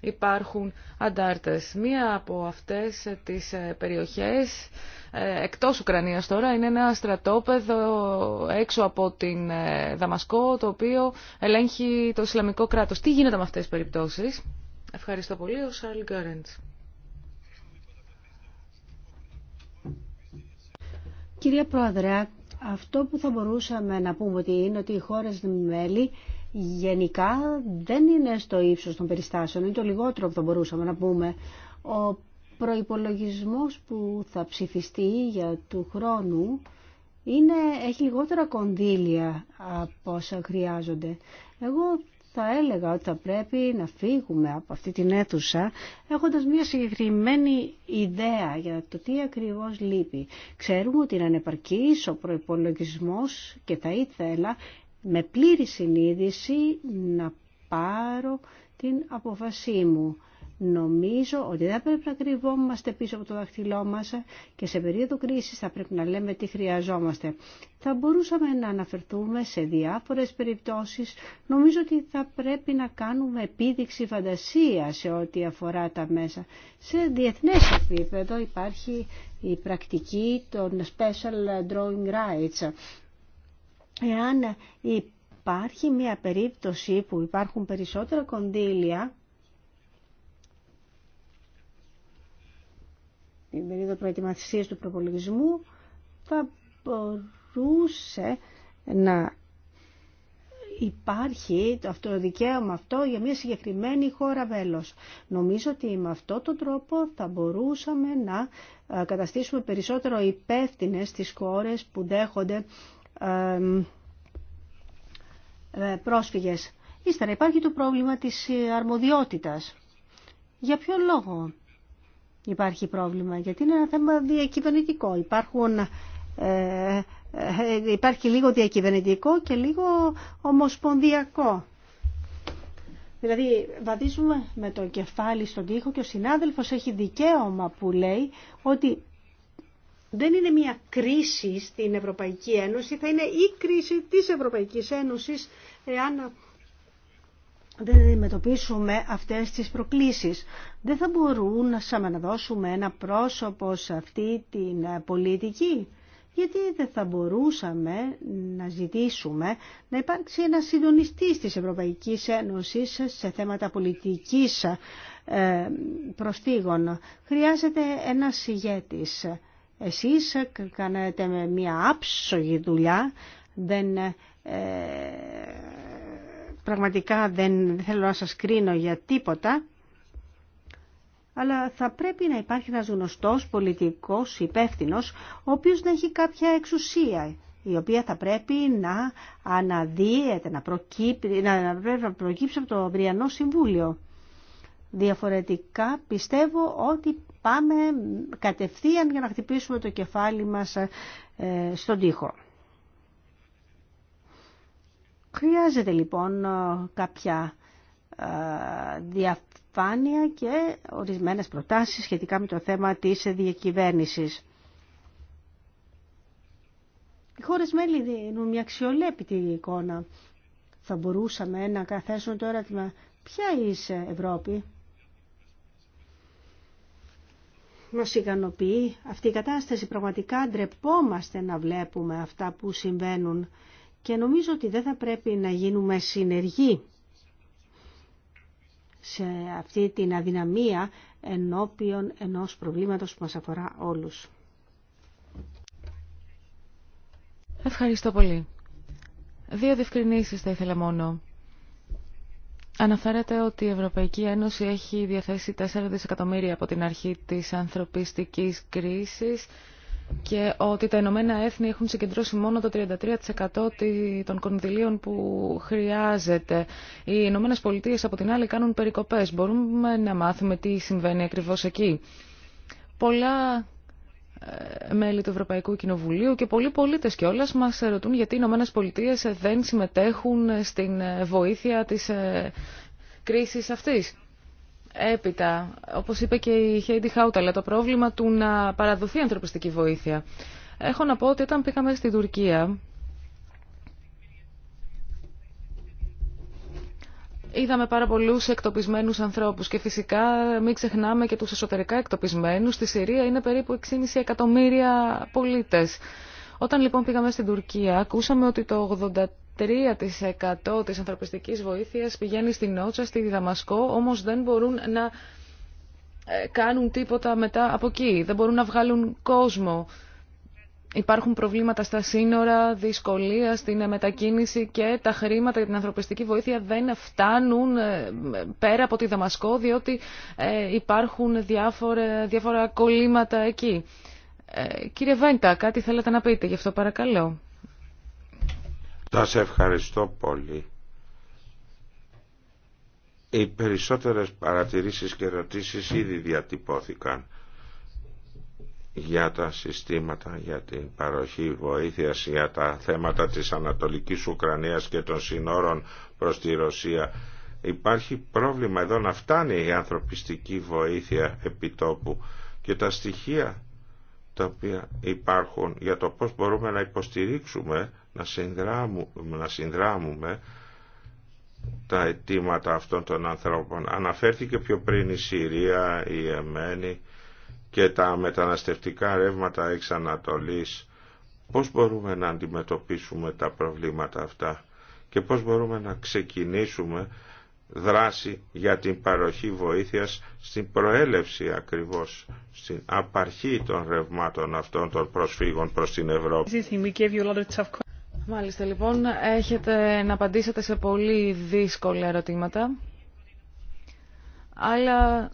υπάρχουν αντάρτες. Μία από αυτές τις ε, περιοχές, ε, εκτός Ουκρανίας τώρα, είναι ένα στρατόπεδο έξω από την ε, Δαμασκό, το οποίο ελέγχει το Ισλαμικό κράτος. Τι γίνεται με αυτές τις περιπτώσεις. Ευχαριστώ πολύ, ο Σαρλ Γκάρεντς. Κυρία Πρόεδρε, αυτό που θα μπορούσαμε να πούμε ότι είναι ότι οι χώρες μέλη γενικά δεν είναι στο ύψος των περιστάσεων, είναι το λιγότερο που θα μπορούσαμε να πούμε. Ο προϋπολογισμός που θα ψηφιστεί για του χρόνου είναι, έχει λιγότερα κονδύλια από όσα χρειάζονται. Εγώ θα έλεγα ότι θα πρέπει να φύγουμε από αυτή την αίθουσα έχοντας μια συγκεκριμένη ιδέα για το τι ακριβώς λείπει. Ξέρουμε ότι είναι ανεπαρκής ο προϋπολογισμός και θα ήθελα με πλήρη συνείδηση να πάρω την αποφασή μου. Νομίζω ότι δεν πρέπει να κρυβόμαστε πίσω από το δαχτυλό μας και σε περίοδο κρίσης θα πρέπει να λέμε τι χρειαζόμαστε. Θα μπορούσαμε να αναφερθούμε σε διάφορες περιπτώσεις. Νομίζω ότι θα πρέπει να κάνουμε επίδειξη φαντασία σε ό,τι αφορά τα μέσα. Σε διεθνές επίπεδο υπάρχει η πρακτική των special drawing rights εάν υπάρχει μια περίπτωση που υπάρχουν περισσότερα κονδύλια η περίοδο προετοιμασίας του προπολογισμού θα μπορούσε να υπάρχει το αυτοδικαίωμα αυτό για μια συγκεκριμένη χώρα βέλος. Νομίζω ότι με αυτό τον τρόπο θα μπορούσαμε να ε, καταστήσουμε περισσότερο υπεύθυνε τις χώρες που δέχονται ε, πρόσφυγες. Ύστερα υπάρχει το πρόβλημα της ε, αρμοδιότητας. Για ποιο λόγο υπάρχει πρόβλημα, γιατί είναι ένα θέμα διακυβερνητικό. Υπάρχουν, ε, ε, υπάρχει λίγο διακυβερνητικό και λίγο ομοσπονδιακό. Δηλαδή βαδίζουμε με το κεφάλι στον τοίχο και ο συνάδελφος έχει δικαίωμα που λέει ότι δεν είναι μια κρίση στην Ευρωπαϊκή Ένωση, θα είναι η κρίση της Ευρωπαϊκής Ένωσης εάν δεν αντιμετωπίσουμε αυτές τις προκλήσεις. Δεν θα μπορούν να δώσουμε ένα πρόσωπο σε αυτή την πολιτική, γιατί δεν θα μπορούσαμε να ζητήσουμε να υπάρξει ένα συντονιστής της Ευρωπαϊκής Ένωσης σε θέματα πολιτικής ε, προστίγων. Χρειάζεται ένας ηγέτης εσείς κάνετε μια άψογη δουλειά, δεν, ε, πραγματικά δεν θέλω να σας κρίνω για τίποτα, αλλά θα πρέπει να υπάρχει ένας γνωστός πολιτικός υπεύθυνος, ο οποίος να έχει κάποια εξουσία, η οποία θα πρέπει να αναδύεται, να, να, πρέπει να προκύψει από το Βριανό συμβούλιο. Διαφορετικά πιστεύω ότι πάμε κατευθείαν για να χτυπήσουμε το κεφάλι μας ε, στον τοίχο. Χρειάζεται λοιπόν ε, κάποια ε, διαφάνεια και ορισμένες προτάσεις σχετικά με το θέμα της διακυβέρνησης. Οι χώρες μέλη δίνουν μια αξιολέπητη εικόνα. Θα μπορούσαμε να καθέσουμε τώρα ερώτημα ποια είσαι Ευρώπη, μας ικανοποιεί αυτή η κατάσταση. Πραγματικά ντρεπόμαστε να βλέπουμε αυτά που συμβαίνουν και νομίζω ότι δεν θα πρέπει να γίνουμε συνεργοί σε αυτή την αδυναμία ενώπιον ενός προβλήματος που μας αφορά όλους. Ευχαριστώ πολύ. Δύο διευκρινήσεις θα ήθελα μόνο. Αναφέρεται ότι η Ευρωπαϊκή Ένωση έχει διαθέσει 4 δισεκατομμύρια από την αρχή της ανθρωπιστικής κρίσης και ότι τα Ηνωμένα Έθνη έχουν συγκεντρώσει μόνο το 33% των κονδυλίων που χρειάζεται. Οι Ηνωμένε Πολιτείε από την άλλη κάνουν περικοπές. Μπορούμε να μάθουμε τι συμβαίνει ακριβώς εκεί. Πολλά ε, μέλη του Ευρωπαϊκού Κοινοβουλίου και πολλοί πολίτες κιόλα μα ρωτούν γιατί οι Ηνωμένε Πολιτείες δεν συμμετέχουν στην ε, βοήθεια της ε, κρίσης αυτής. Έπειτα, όπως είπε και η Χέιντι Χάουταλα, το πρόβλημα του να παραδοθεί ανθρωπιστική βοήθεια. Έχω να πω ότι όταν πήγαμε στην Τουρκία, Είδαμε πάρα πολλούς εκτοπισμένους ανθρώπους και φυσικά μην ξεχνάμε και τους εσωτερικά εκτοπισμένους. Στη Συρία είναι περίπου 6,5 εκατομμύρια πολίτες. Όταν λοιπόν πήγαμε στην Τουρκία ακούσαμε ότι το 83% της ανθρωπιστικής βοήθειας πηγαίνει στην Νότσα, στη Δαμασκό, όμως δεν μπορούν να ε, κάνουν τίποτα μετά από εκεί, δεν μπορούν να βγάλουν κόσμο. Υπάρχουν προβλήματα στα σύνορα, δυσκολία στην μετακίνηση και τα χρήματα για την ανθρωπιστική βοήθεια δεν φτάνουν ε, πέρα από τη Δαμασκό διότι ε, υπάρχουν διάφορα, διάφορα κολλήματα εκεί. Ε, κύριε Βέντα, κάτι θέλετε να πείτε γι' αυτό παρακαλώ. Σας ευχαριστώ πολύ. Οι περισσότερες παρατηρήσεις και ερωτήσεις ήδη διατυπώθηκαν για τα συστήματα, για την παροχή βοήθειας, για τα θέματα της Ανατολικής Ουκρανίας και των συνόρων προς τη Ρωσία. Υπάρχει πρόβλημα εδώ να φτάνει η ανθρωπιστική βοήθεια επιτόπου και τα στοιχεία τα οποία υπάρχουν για το πώς μπορούμε να υποστηρίξουμε, να συνδράμουμε, να συνδράμουμε τα αιτήματα αυτών των ανθρώπων. Αναφέρθηκε πιο πριν η Συρία, η Εμένη, και τα μεταναστευτικά ρεύματα εξ Ανατολής, πώς μπορούμε να αντιμετωπίσουμε τα προβλήματα αυτά και πώς μπορούμε να ξεκινήσουμε δράση για την παροχή βοήθειας στην προέλευση ακριβώς, στην απαρχή των ρευμάτων αυτών των προσφύγων προς την Ευρώπη. Μάλιστα λοιπόν, έχετε να απαντήσετε σε πολύ δύσκολα ερωτήματα, αλλά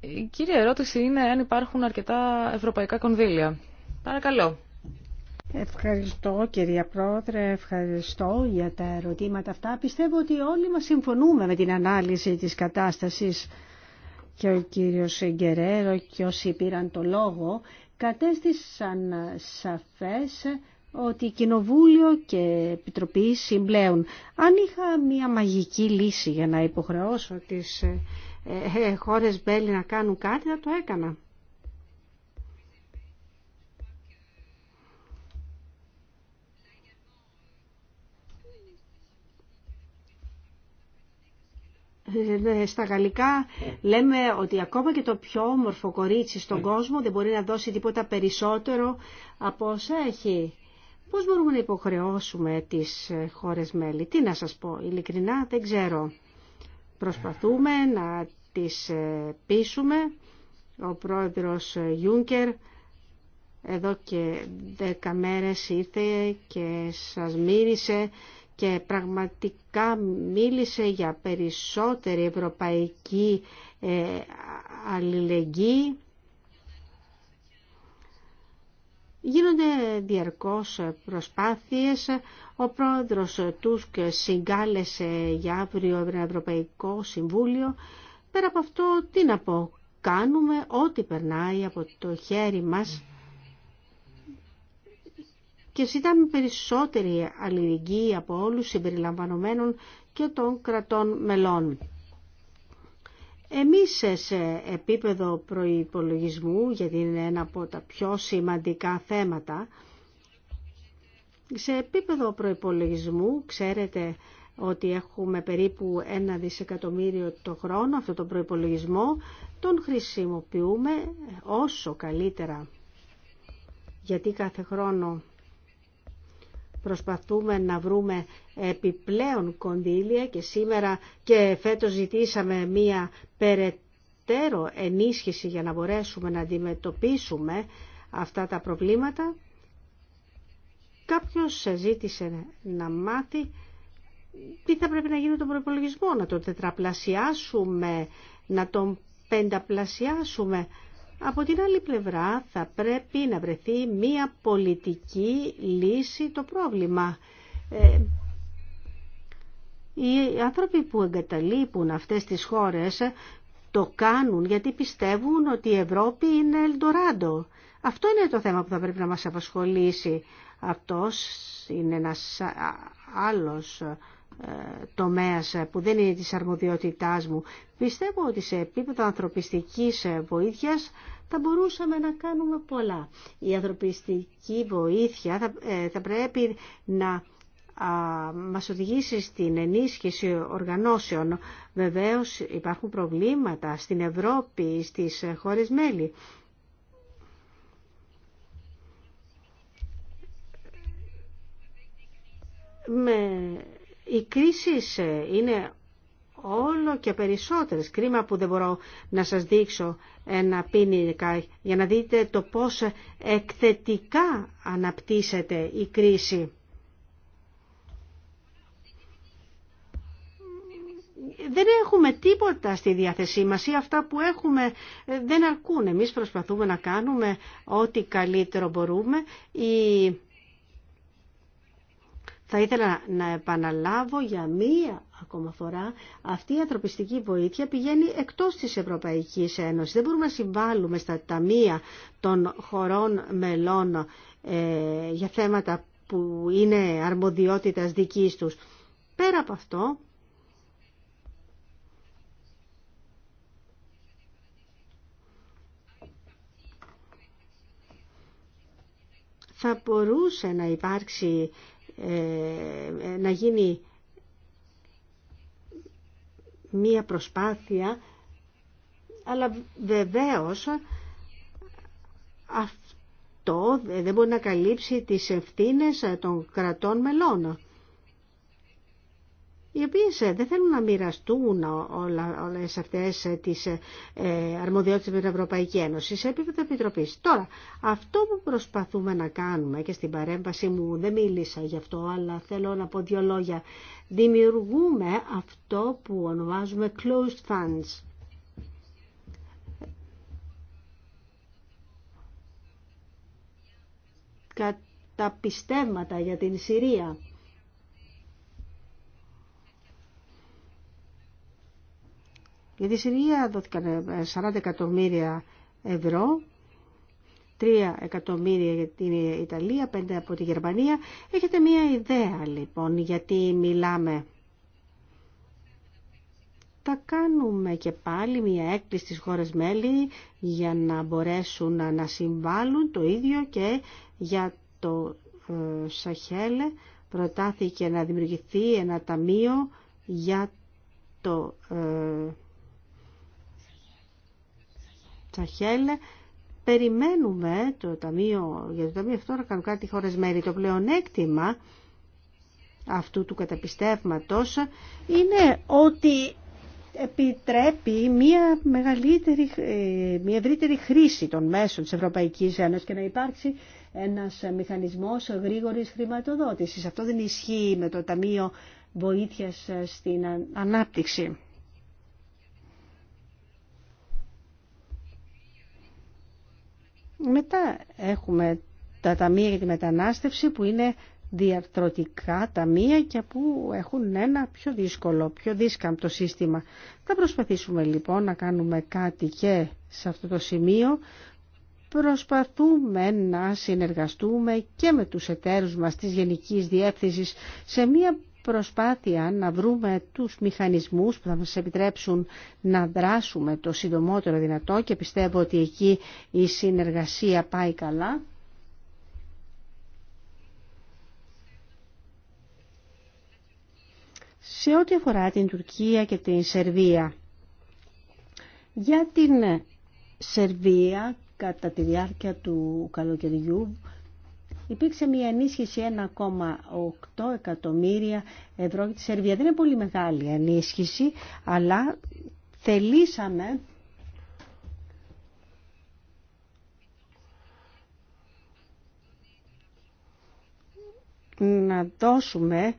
η κύρια ερώτηση είναι αν υπάρχουν αρκετά ευρωπαϊκά κονδύλια. Παρακαλώ. Ευχαριστώ κυρία Πρόεδρε, ευχαριστώ για τα ερωτήματα αυτά. Πιστεύω ότι όλοι μας συμφωνούμε με την ανάλυση της κατάστασης και ο κύριος Γκερέρο και όσοι πήραν το λόγο κατέστησαν σαφές ότι Κοινοβούλιο και Επιτροπή συμπλέουν. Αν είχα μια μαγική λύση για να υποχρεώσω τις ε, ε, χώρες μπέλη να κάνουν κάτι, να το έκανα. Ε, στα γαλλικά λέμε ότι ακόμα και το πιο όμορφο κορίτσι στον κόσμο δεν μπορεί να δώσει τίποτα περισσότερο από όσα έχει. Πώς μπορούμε να υποχρεώσουμε τις χώρες μέλη. Τι να σας πω, ειλικρινά δεν ξέρω. Προσπαθούμε να τις ε, πείσουμε. Ο πρόεδρος Γιούνκερ εδώ και δέκα μέρες ήρθε και σας μίλησε και πραγματικά μίλησε για περισσότερη ευρωπαϊκή ε, αλληλεγγύη Γίνονται διαρκώς προσπάθειες. Ο πρόεδρος Τούσκ συγκάλεσε για αύριο Ευρωπαϊκό Συμβούλιο. Πέρα από αυτό, τι να πω, κάνουμε ό,τι περνάει από το χέρι μας και ζητάμε περισσότερη αλληλεγγύη από όλους συμπεριλαμβανομένων και των κρατών μελών. Εμείς σε επίπεδο προϋπολογισμού, γιατί είναι ένα από τα πιο σημαντικά θέματα, σε επίπεδο προϋπολογισμού ξέρετε ότι έχουμε περίπου ένα δισεκατομμύριο το χρόνο, αυτό το προϋπολογισμό, τον χρησιμοποιούμε όσο καλύτερα. Γιατί κάθε χρόνο προσπαθούμε να βρούμε επιπλέον κονδύλια και σήμερα και φέτος ζητήσαμε μία περαιτέρω ενίσχυση για να μπορέσουμε να αντιμετωπίσουμε αυτά τα προβλήματα. Κάποιος ζήτησε να μάθει τι θα πρέπει να γίνει τον προπολογισμό, να τον τετραπλασιάσουμε, να τον πενταπλασιάσουμε. Από την άλλη πλευρά θα πρέπει να βρεθεί μία πολιτική λύση το πρόβλημα. Ε, οι άνθρωποι που εγκαταλείπουν αυτές τις χώρες το κάνουν γιατί πιστεύουν ότι η Ευρώπη είναι Ελντοράντο. Αυτό είναι το θέμα που θα πρέπει να μας απασχολήσει. Αυτός είναι ένας άλλος ε, τομέας ε, που δεν είναι της αρμοδιότητάς μου. Πιστεύω ότι σε επίπεδο ανθρωπιστικής ε, βοήθειας θα μπορούσαμε να κάνουμε πολλά. Η ανθρωπιστική βοήθεια θα, θα πρέπει να α, μας οδηγήσει στην ενίσχυση οργανώσεων. Βεβαίως υπάρχουν προβλήματα στην Ευρώπη, στις χώρες μέλη. Με οι κρίσεις ε, είναι όλο και περισσότερες. Κρίμα που δεν μπορώ να σας δείξω ένα πίνικα για να δείτε το πώς εκθετικά αναπτύσσεται η κρίση. Δεν έχουμε τίποτα στη διάθεσή μας ή αυτά που έχουμε ε, δεν αρκούν. Εμείς προσπαθούμε να κάνουμε ό,τι καλύτερο μπορούμε. Η θα ήθελα να επαναλάβω για μία ακόμα φορά αυτή η ανθρωπιστική βοήθεια πηγαίνει εκτός της Ευρωπαϊκής Ένωσης. Δεν μπορούμε να συμβάλλουμε στα ταμεία των χωρών μελών ε, για θέματα που είναι αρμοδιότητας δικής τους. Πέρα από αυτό, θα μπορούσε να υπάρξει ε, να γίνει μία προσπάθεια, αλλά βεβαίως αυτό δεν μπορεί να καλύψει τις ευθύνες των κρατών μελών οι οποίες ε, δεν θέλουν να μοιραστούν όλε όλες αυτές ε, τις ε, αρμοδιότητες με την Ευρωπαϊκή Ένωση σε επίπεδο επιτροπής. Τώρα, αυτό που προσπαθούμε να κάνουμε και στην παρέμβαση μου δεν μίλησα γι' αυτό, αλλά θέλω να πω δύο λόγια. Δημιουργούμε αυτό που ονομάζουμε closed funds. πιστεύματα για την Συρία Για τη Συρία δόθηκαν 40 ε, εκατομμύρια ευρώ, 3 εκατομμύρια για την Ιταλία, 5 από τη Γερμανία. Έχετε μία ιδέα λοιπόν γιατί μιλάμε. Τα κάνουμε και πάλι μία έκπληση στις χώρες μέλη για να μπορέσουν να συμβάλλουν το ίδιο και για το ε, Σαχέλε προτάθηκε να δημιουργηθεί ένα ταμείο για το ε, Χέλε Περιμένουμε το ταμείο, για το ταμείο αυτό να κάνουν κάτι χώρες μέρη. Το πλεονέκτημα αυτού του καταπιστεύματος είναι ότι επιτρέπει μια, μεγαλύτερη, ε, μια ευρύτερη χρήση των μέσων της Ευρωπαϊκής Ένωσης και να υπάρξει ένας μηχανισμός γρήγορης χρηματοδότησης. Αυτό δεν ισχύει με το Ταμείο Βοήθειας στην Ανάπτυξη. Μετά έχουμε τα ταμεία για τη μετανάστευση που είναι διαρθρωτικά ταμεία και που έχουν ένα πιο δύσκολο, πιο δίσκαμπτο σύστημα. Θα προσπαθήσουμε λοιπόν να κάνουμε κάτι και σε αυτό το σημείο. Προσπαθούμε να συνεργαστούμε και με τους εταίρους μας της Γενικής Διεύθυνσης σε μια προσπάθεια να βρούμε τους μηχανισμούς που θα μας επιτρέψουν να δράσουμε το συντομότερο δυνατό και πιστεύω ότι εκεί η συνεργασία πάει καλά. Σε ό,τι αφορά την Τουρκία και την Σερβία, για την Σερβία κατά τη διάρκεια του καλοκαιριού υπήρξε μια ενίσχυση 1,8 εκατομμύρια ευρώ για τη Σερβία. Δεν είναι πολύ μεγάλη ενίσχυση, αλλά θελήσαμε να δώσουμε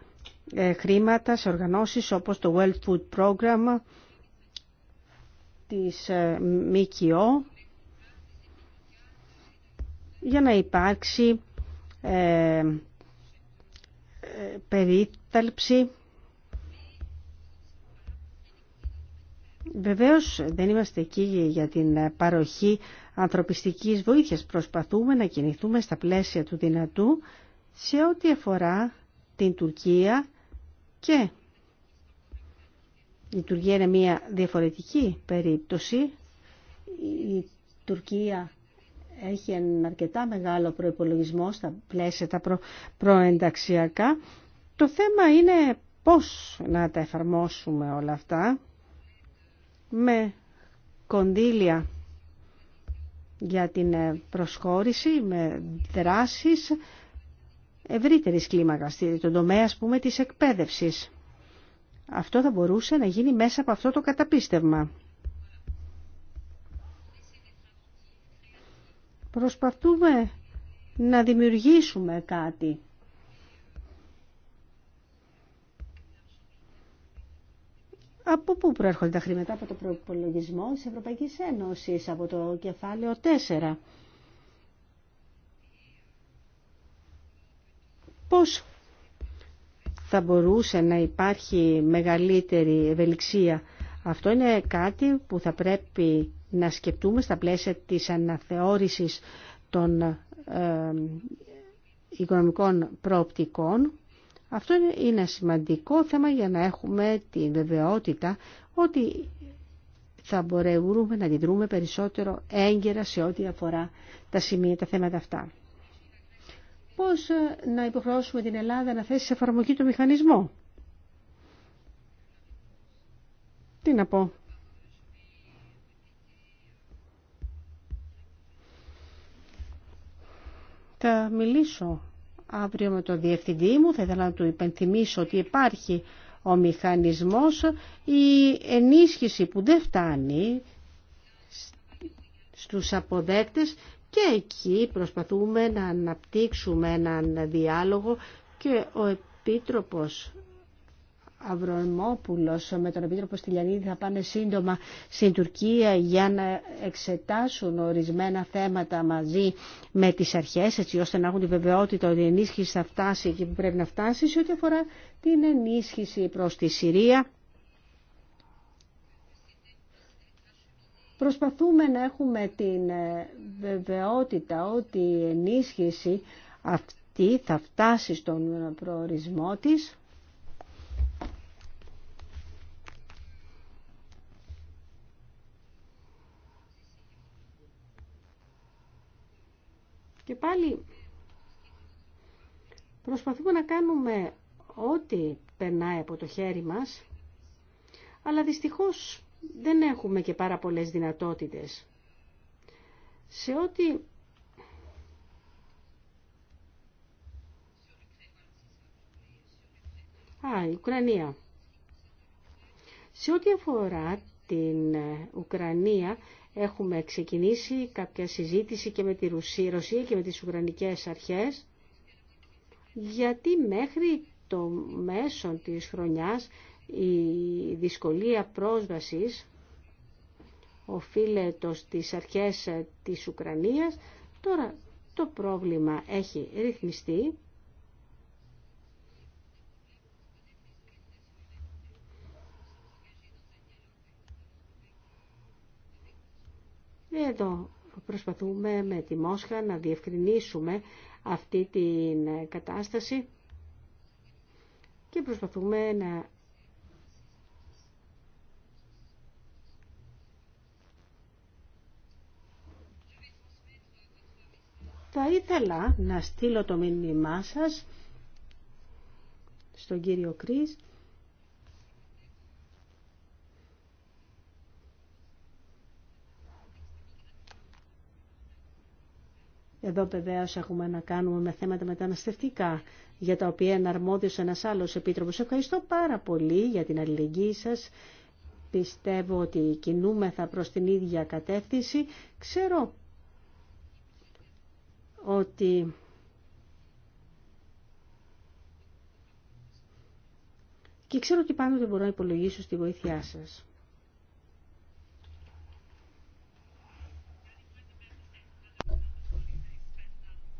ε, χρήματα σε οργανώσεις όπως το World Food Program της ε, ΜΚΟ για να υπάρξει ε, περίταλψη. Βεβαίως δεν είμαστε εκεί για την παροχή ανθρωπιστικής βοήθειας. Προσπαθούμε να κινηθούμε στα πλαίσια του δυνατού σε ό,τι αφορά την Τουρκία και η Τουρκία είναι μια διαφορετική περίπτωση. Η Τουρκία έχει ένα αρκετά μεγάλο προϋπολογισμό στα πλαίσια τα προ, προενταξιακά. Το θέμα είναι πώς να τα εφαρμόσουμε όλα αυτά με κονδύλια για την ε, προσχώρηση, με δράσεις ευρύτερης κλίμακας, τον τομέα πούμε της εκπαίδευσης. Αυτό θα μπορούσε να γίνει μέσα από αυτό το καταπίστευμα. Προσπαθούμε να δημιουργήσουμε κάτι. Από πού προέρχονται τα χρήματα, από το προπολογισμό της Ευρωπαϊκής Ένωσης, από το κεφάλαιο 4. Πώς θα μπορούσε να υπάρχει μεγαλύτερη ευελιξία. Αυτό είναι κάτι που θα πρέπει να σκεπτούμε στα πλαίσια της αναθεώρησης των ε, οικονομικών προοπτικών. Αυτό είναι ένα σημαντικό θέμα για να έχουμε την βεβαιότητα ότι θα μπορούμε να αντιδρούμε περισσότερο έγκαιρα σε ό,τι αφορά τα σημεία, τα θέματα αυτά. Πώς ε, να υποχρεώσουμε την Ελλάδα να θέσει σε εφαρμογή το μηχανισμό. Τι να πω. Θα μιλήσω αύριο με τον διευθυντή μου, θα ήθελα να του υπενθυμίσω ότι υπάρχει ο μηχανισμός, η ενίσχυση που δεν φτάνει στους αποδέκτες και εκεί προσπαθούμε να αναπτύξουμε έναν διάλογο και ο Επίτροπος Αβρομόπουλος με τον Επίτροπο Στυλιανίδη θα πάνε σύντομα στην Τουρκία για να εξετάσουν ορισμένα θέματα μαζί με τις αρχές έτσι ώστε να έχουν τη βεβαιότητα ότι η ενίσχυση θα φτάσει εκεί που πρέπει να φτάσει σε ό,τι αφορά την ενίσχυση προς τη Συρία. Προσπαθούμε να έχουμε την ε, βεβαιότητα ότι η ενίσχυση αυτή θα φτάσει στον προορισμό της Και πάλι προσπαθούμε να κάνουμε ό,τι περνάει από το χέρι μας, αλλά δυστυχώς δεν έχουμε και πάρα πολλές δυνατότητες. Σε ό,τι Α, Ουκρανία. Σε ό,τι αφορά την ε, Ουκρανία, Έχουμε ξεκινήσει κάποια συζήτηση και με τη Ρωσία και με τις Ουκρανικές αρχές γιατί μέχρι το μέσο της χρονιάς η δυσκολία πρόσβασης οφείλεται στις αρχές της Ουκρανίας. Τώρα το πρόβλημα έχει ρυθμιστεί προσπαθούμε με τη Μόσχα να διευκρινίσουμε αυτή την κατάσταση και προσπαθούμε να θα ήθελα να στείλω το μήνυμά σας στον κύριο Κρίς Εδώ βεβαίω έχουμε να κάνουμε με θέματα μεταναστευτικά, για τα οποία είναι ένας άλλος επίτροπος. Ευχαριστώ πάρα πολύ για την αλληλεγγύη σα. Πιστεύω ότι κινούμεθα προς την ίδια κατεύθυνση. Ξέρω ότι και ξέρω ότι πάντοτε μπορώ να υπολογίσω στη βοήθειά σας.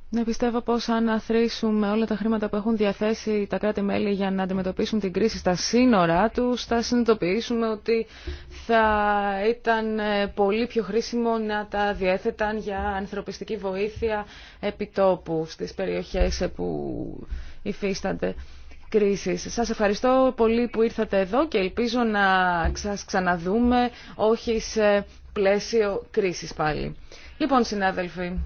Ναι, πιστεύω πως αν αθροίσουμε όλα τα χρήματα που έχουν διαθέσει τα κράτη-μέλη για να αντιμετωπίσουν την κρίση στα σύνορά τους, θα συνειδητοποιήσουμε ότι θα ήταν ε, πολύ πιο χρήσιμο να τα διέθεταν για ανθρωπιστική βοήθεια επιτόπου στις περιοχές ε, που υφίστανται κρίσεις. Σας ευχαριστώ πολύ που ήρθατε εδώ και ελπίζω να σας ξαναδούμε όχι σε πλαίσιο κρίσης πάλι. Λοιπόν, συνάδελφοι,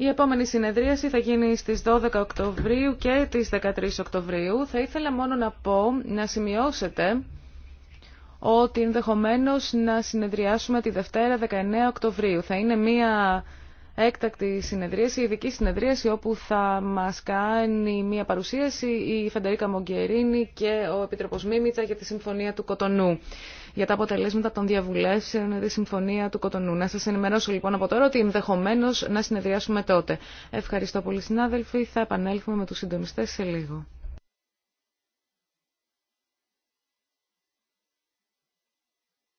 η επόμενη συνεδρίαση θα γίνει στις 12 Οκτωβρίου και τις 13 Οκτωβρίου. Θα ήθελα μόνο να πω, να σημειώσετε ότι ενδεχομένω να συνεδριάσουμε τη Δευτέρα 19 Οκτωβρίου. Θα είναι μία έκτακτη συνεδρίαση, ειδική συνεδρίαση όπου θα μας κάνει μία παρουσίαση η Φεντερίκα Μογκερίνη και ο Επιτροπος Μίμητσα για τη Συμφωνία του Κοτονού για τα αποτελέσματα των διαβουλεύσεων, τη συμφωνία του Κοτονού. Να σα ενημερώσω λοιπόν από τώρα ότι ενδεχομένω να συνεδριάσουμε τότε. Ευχαριστώ πολύ συνάδελφοι. Θα επανέλθουμε με τους συντονιστέ σε λίγο.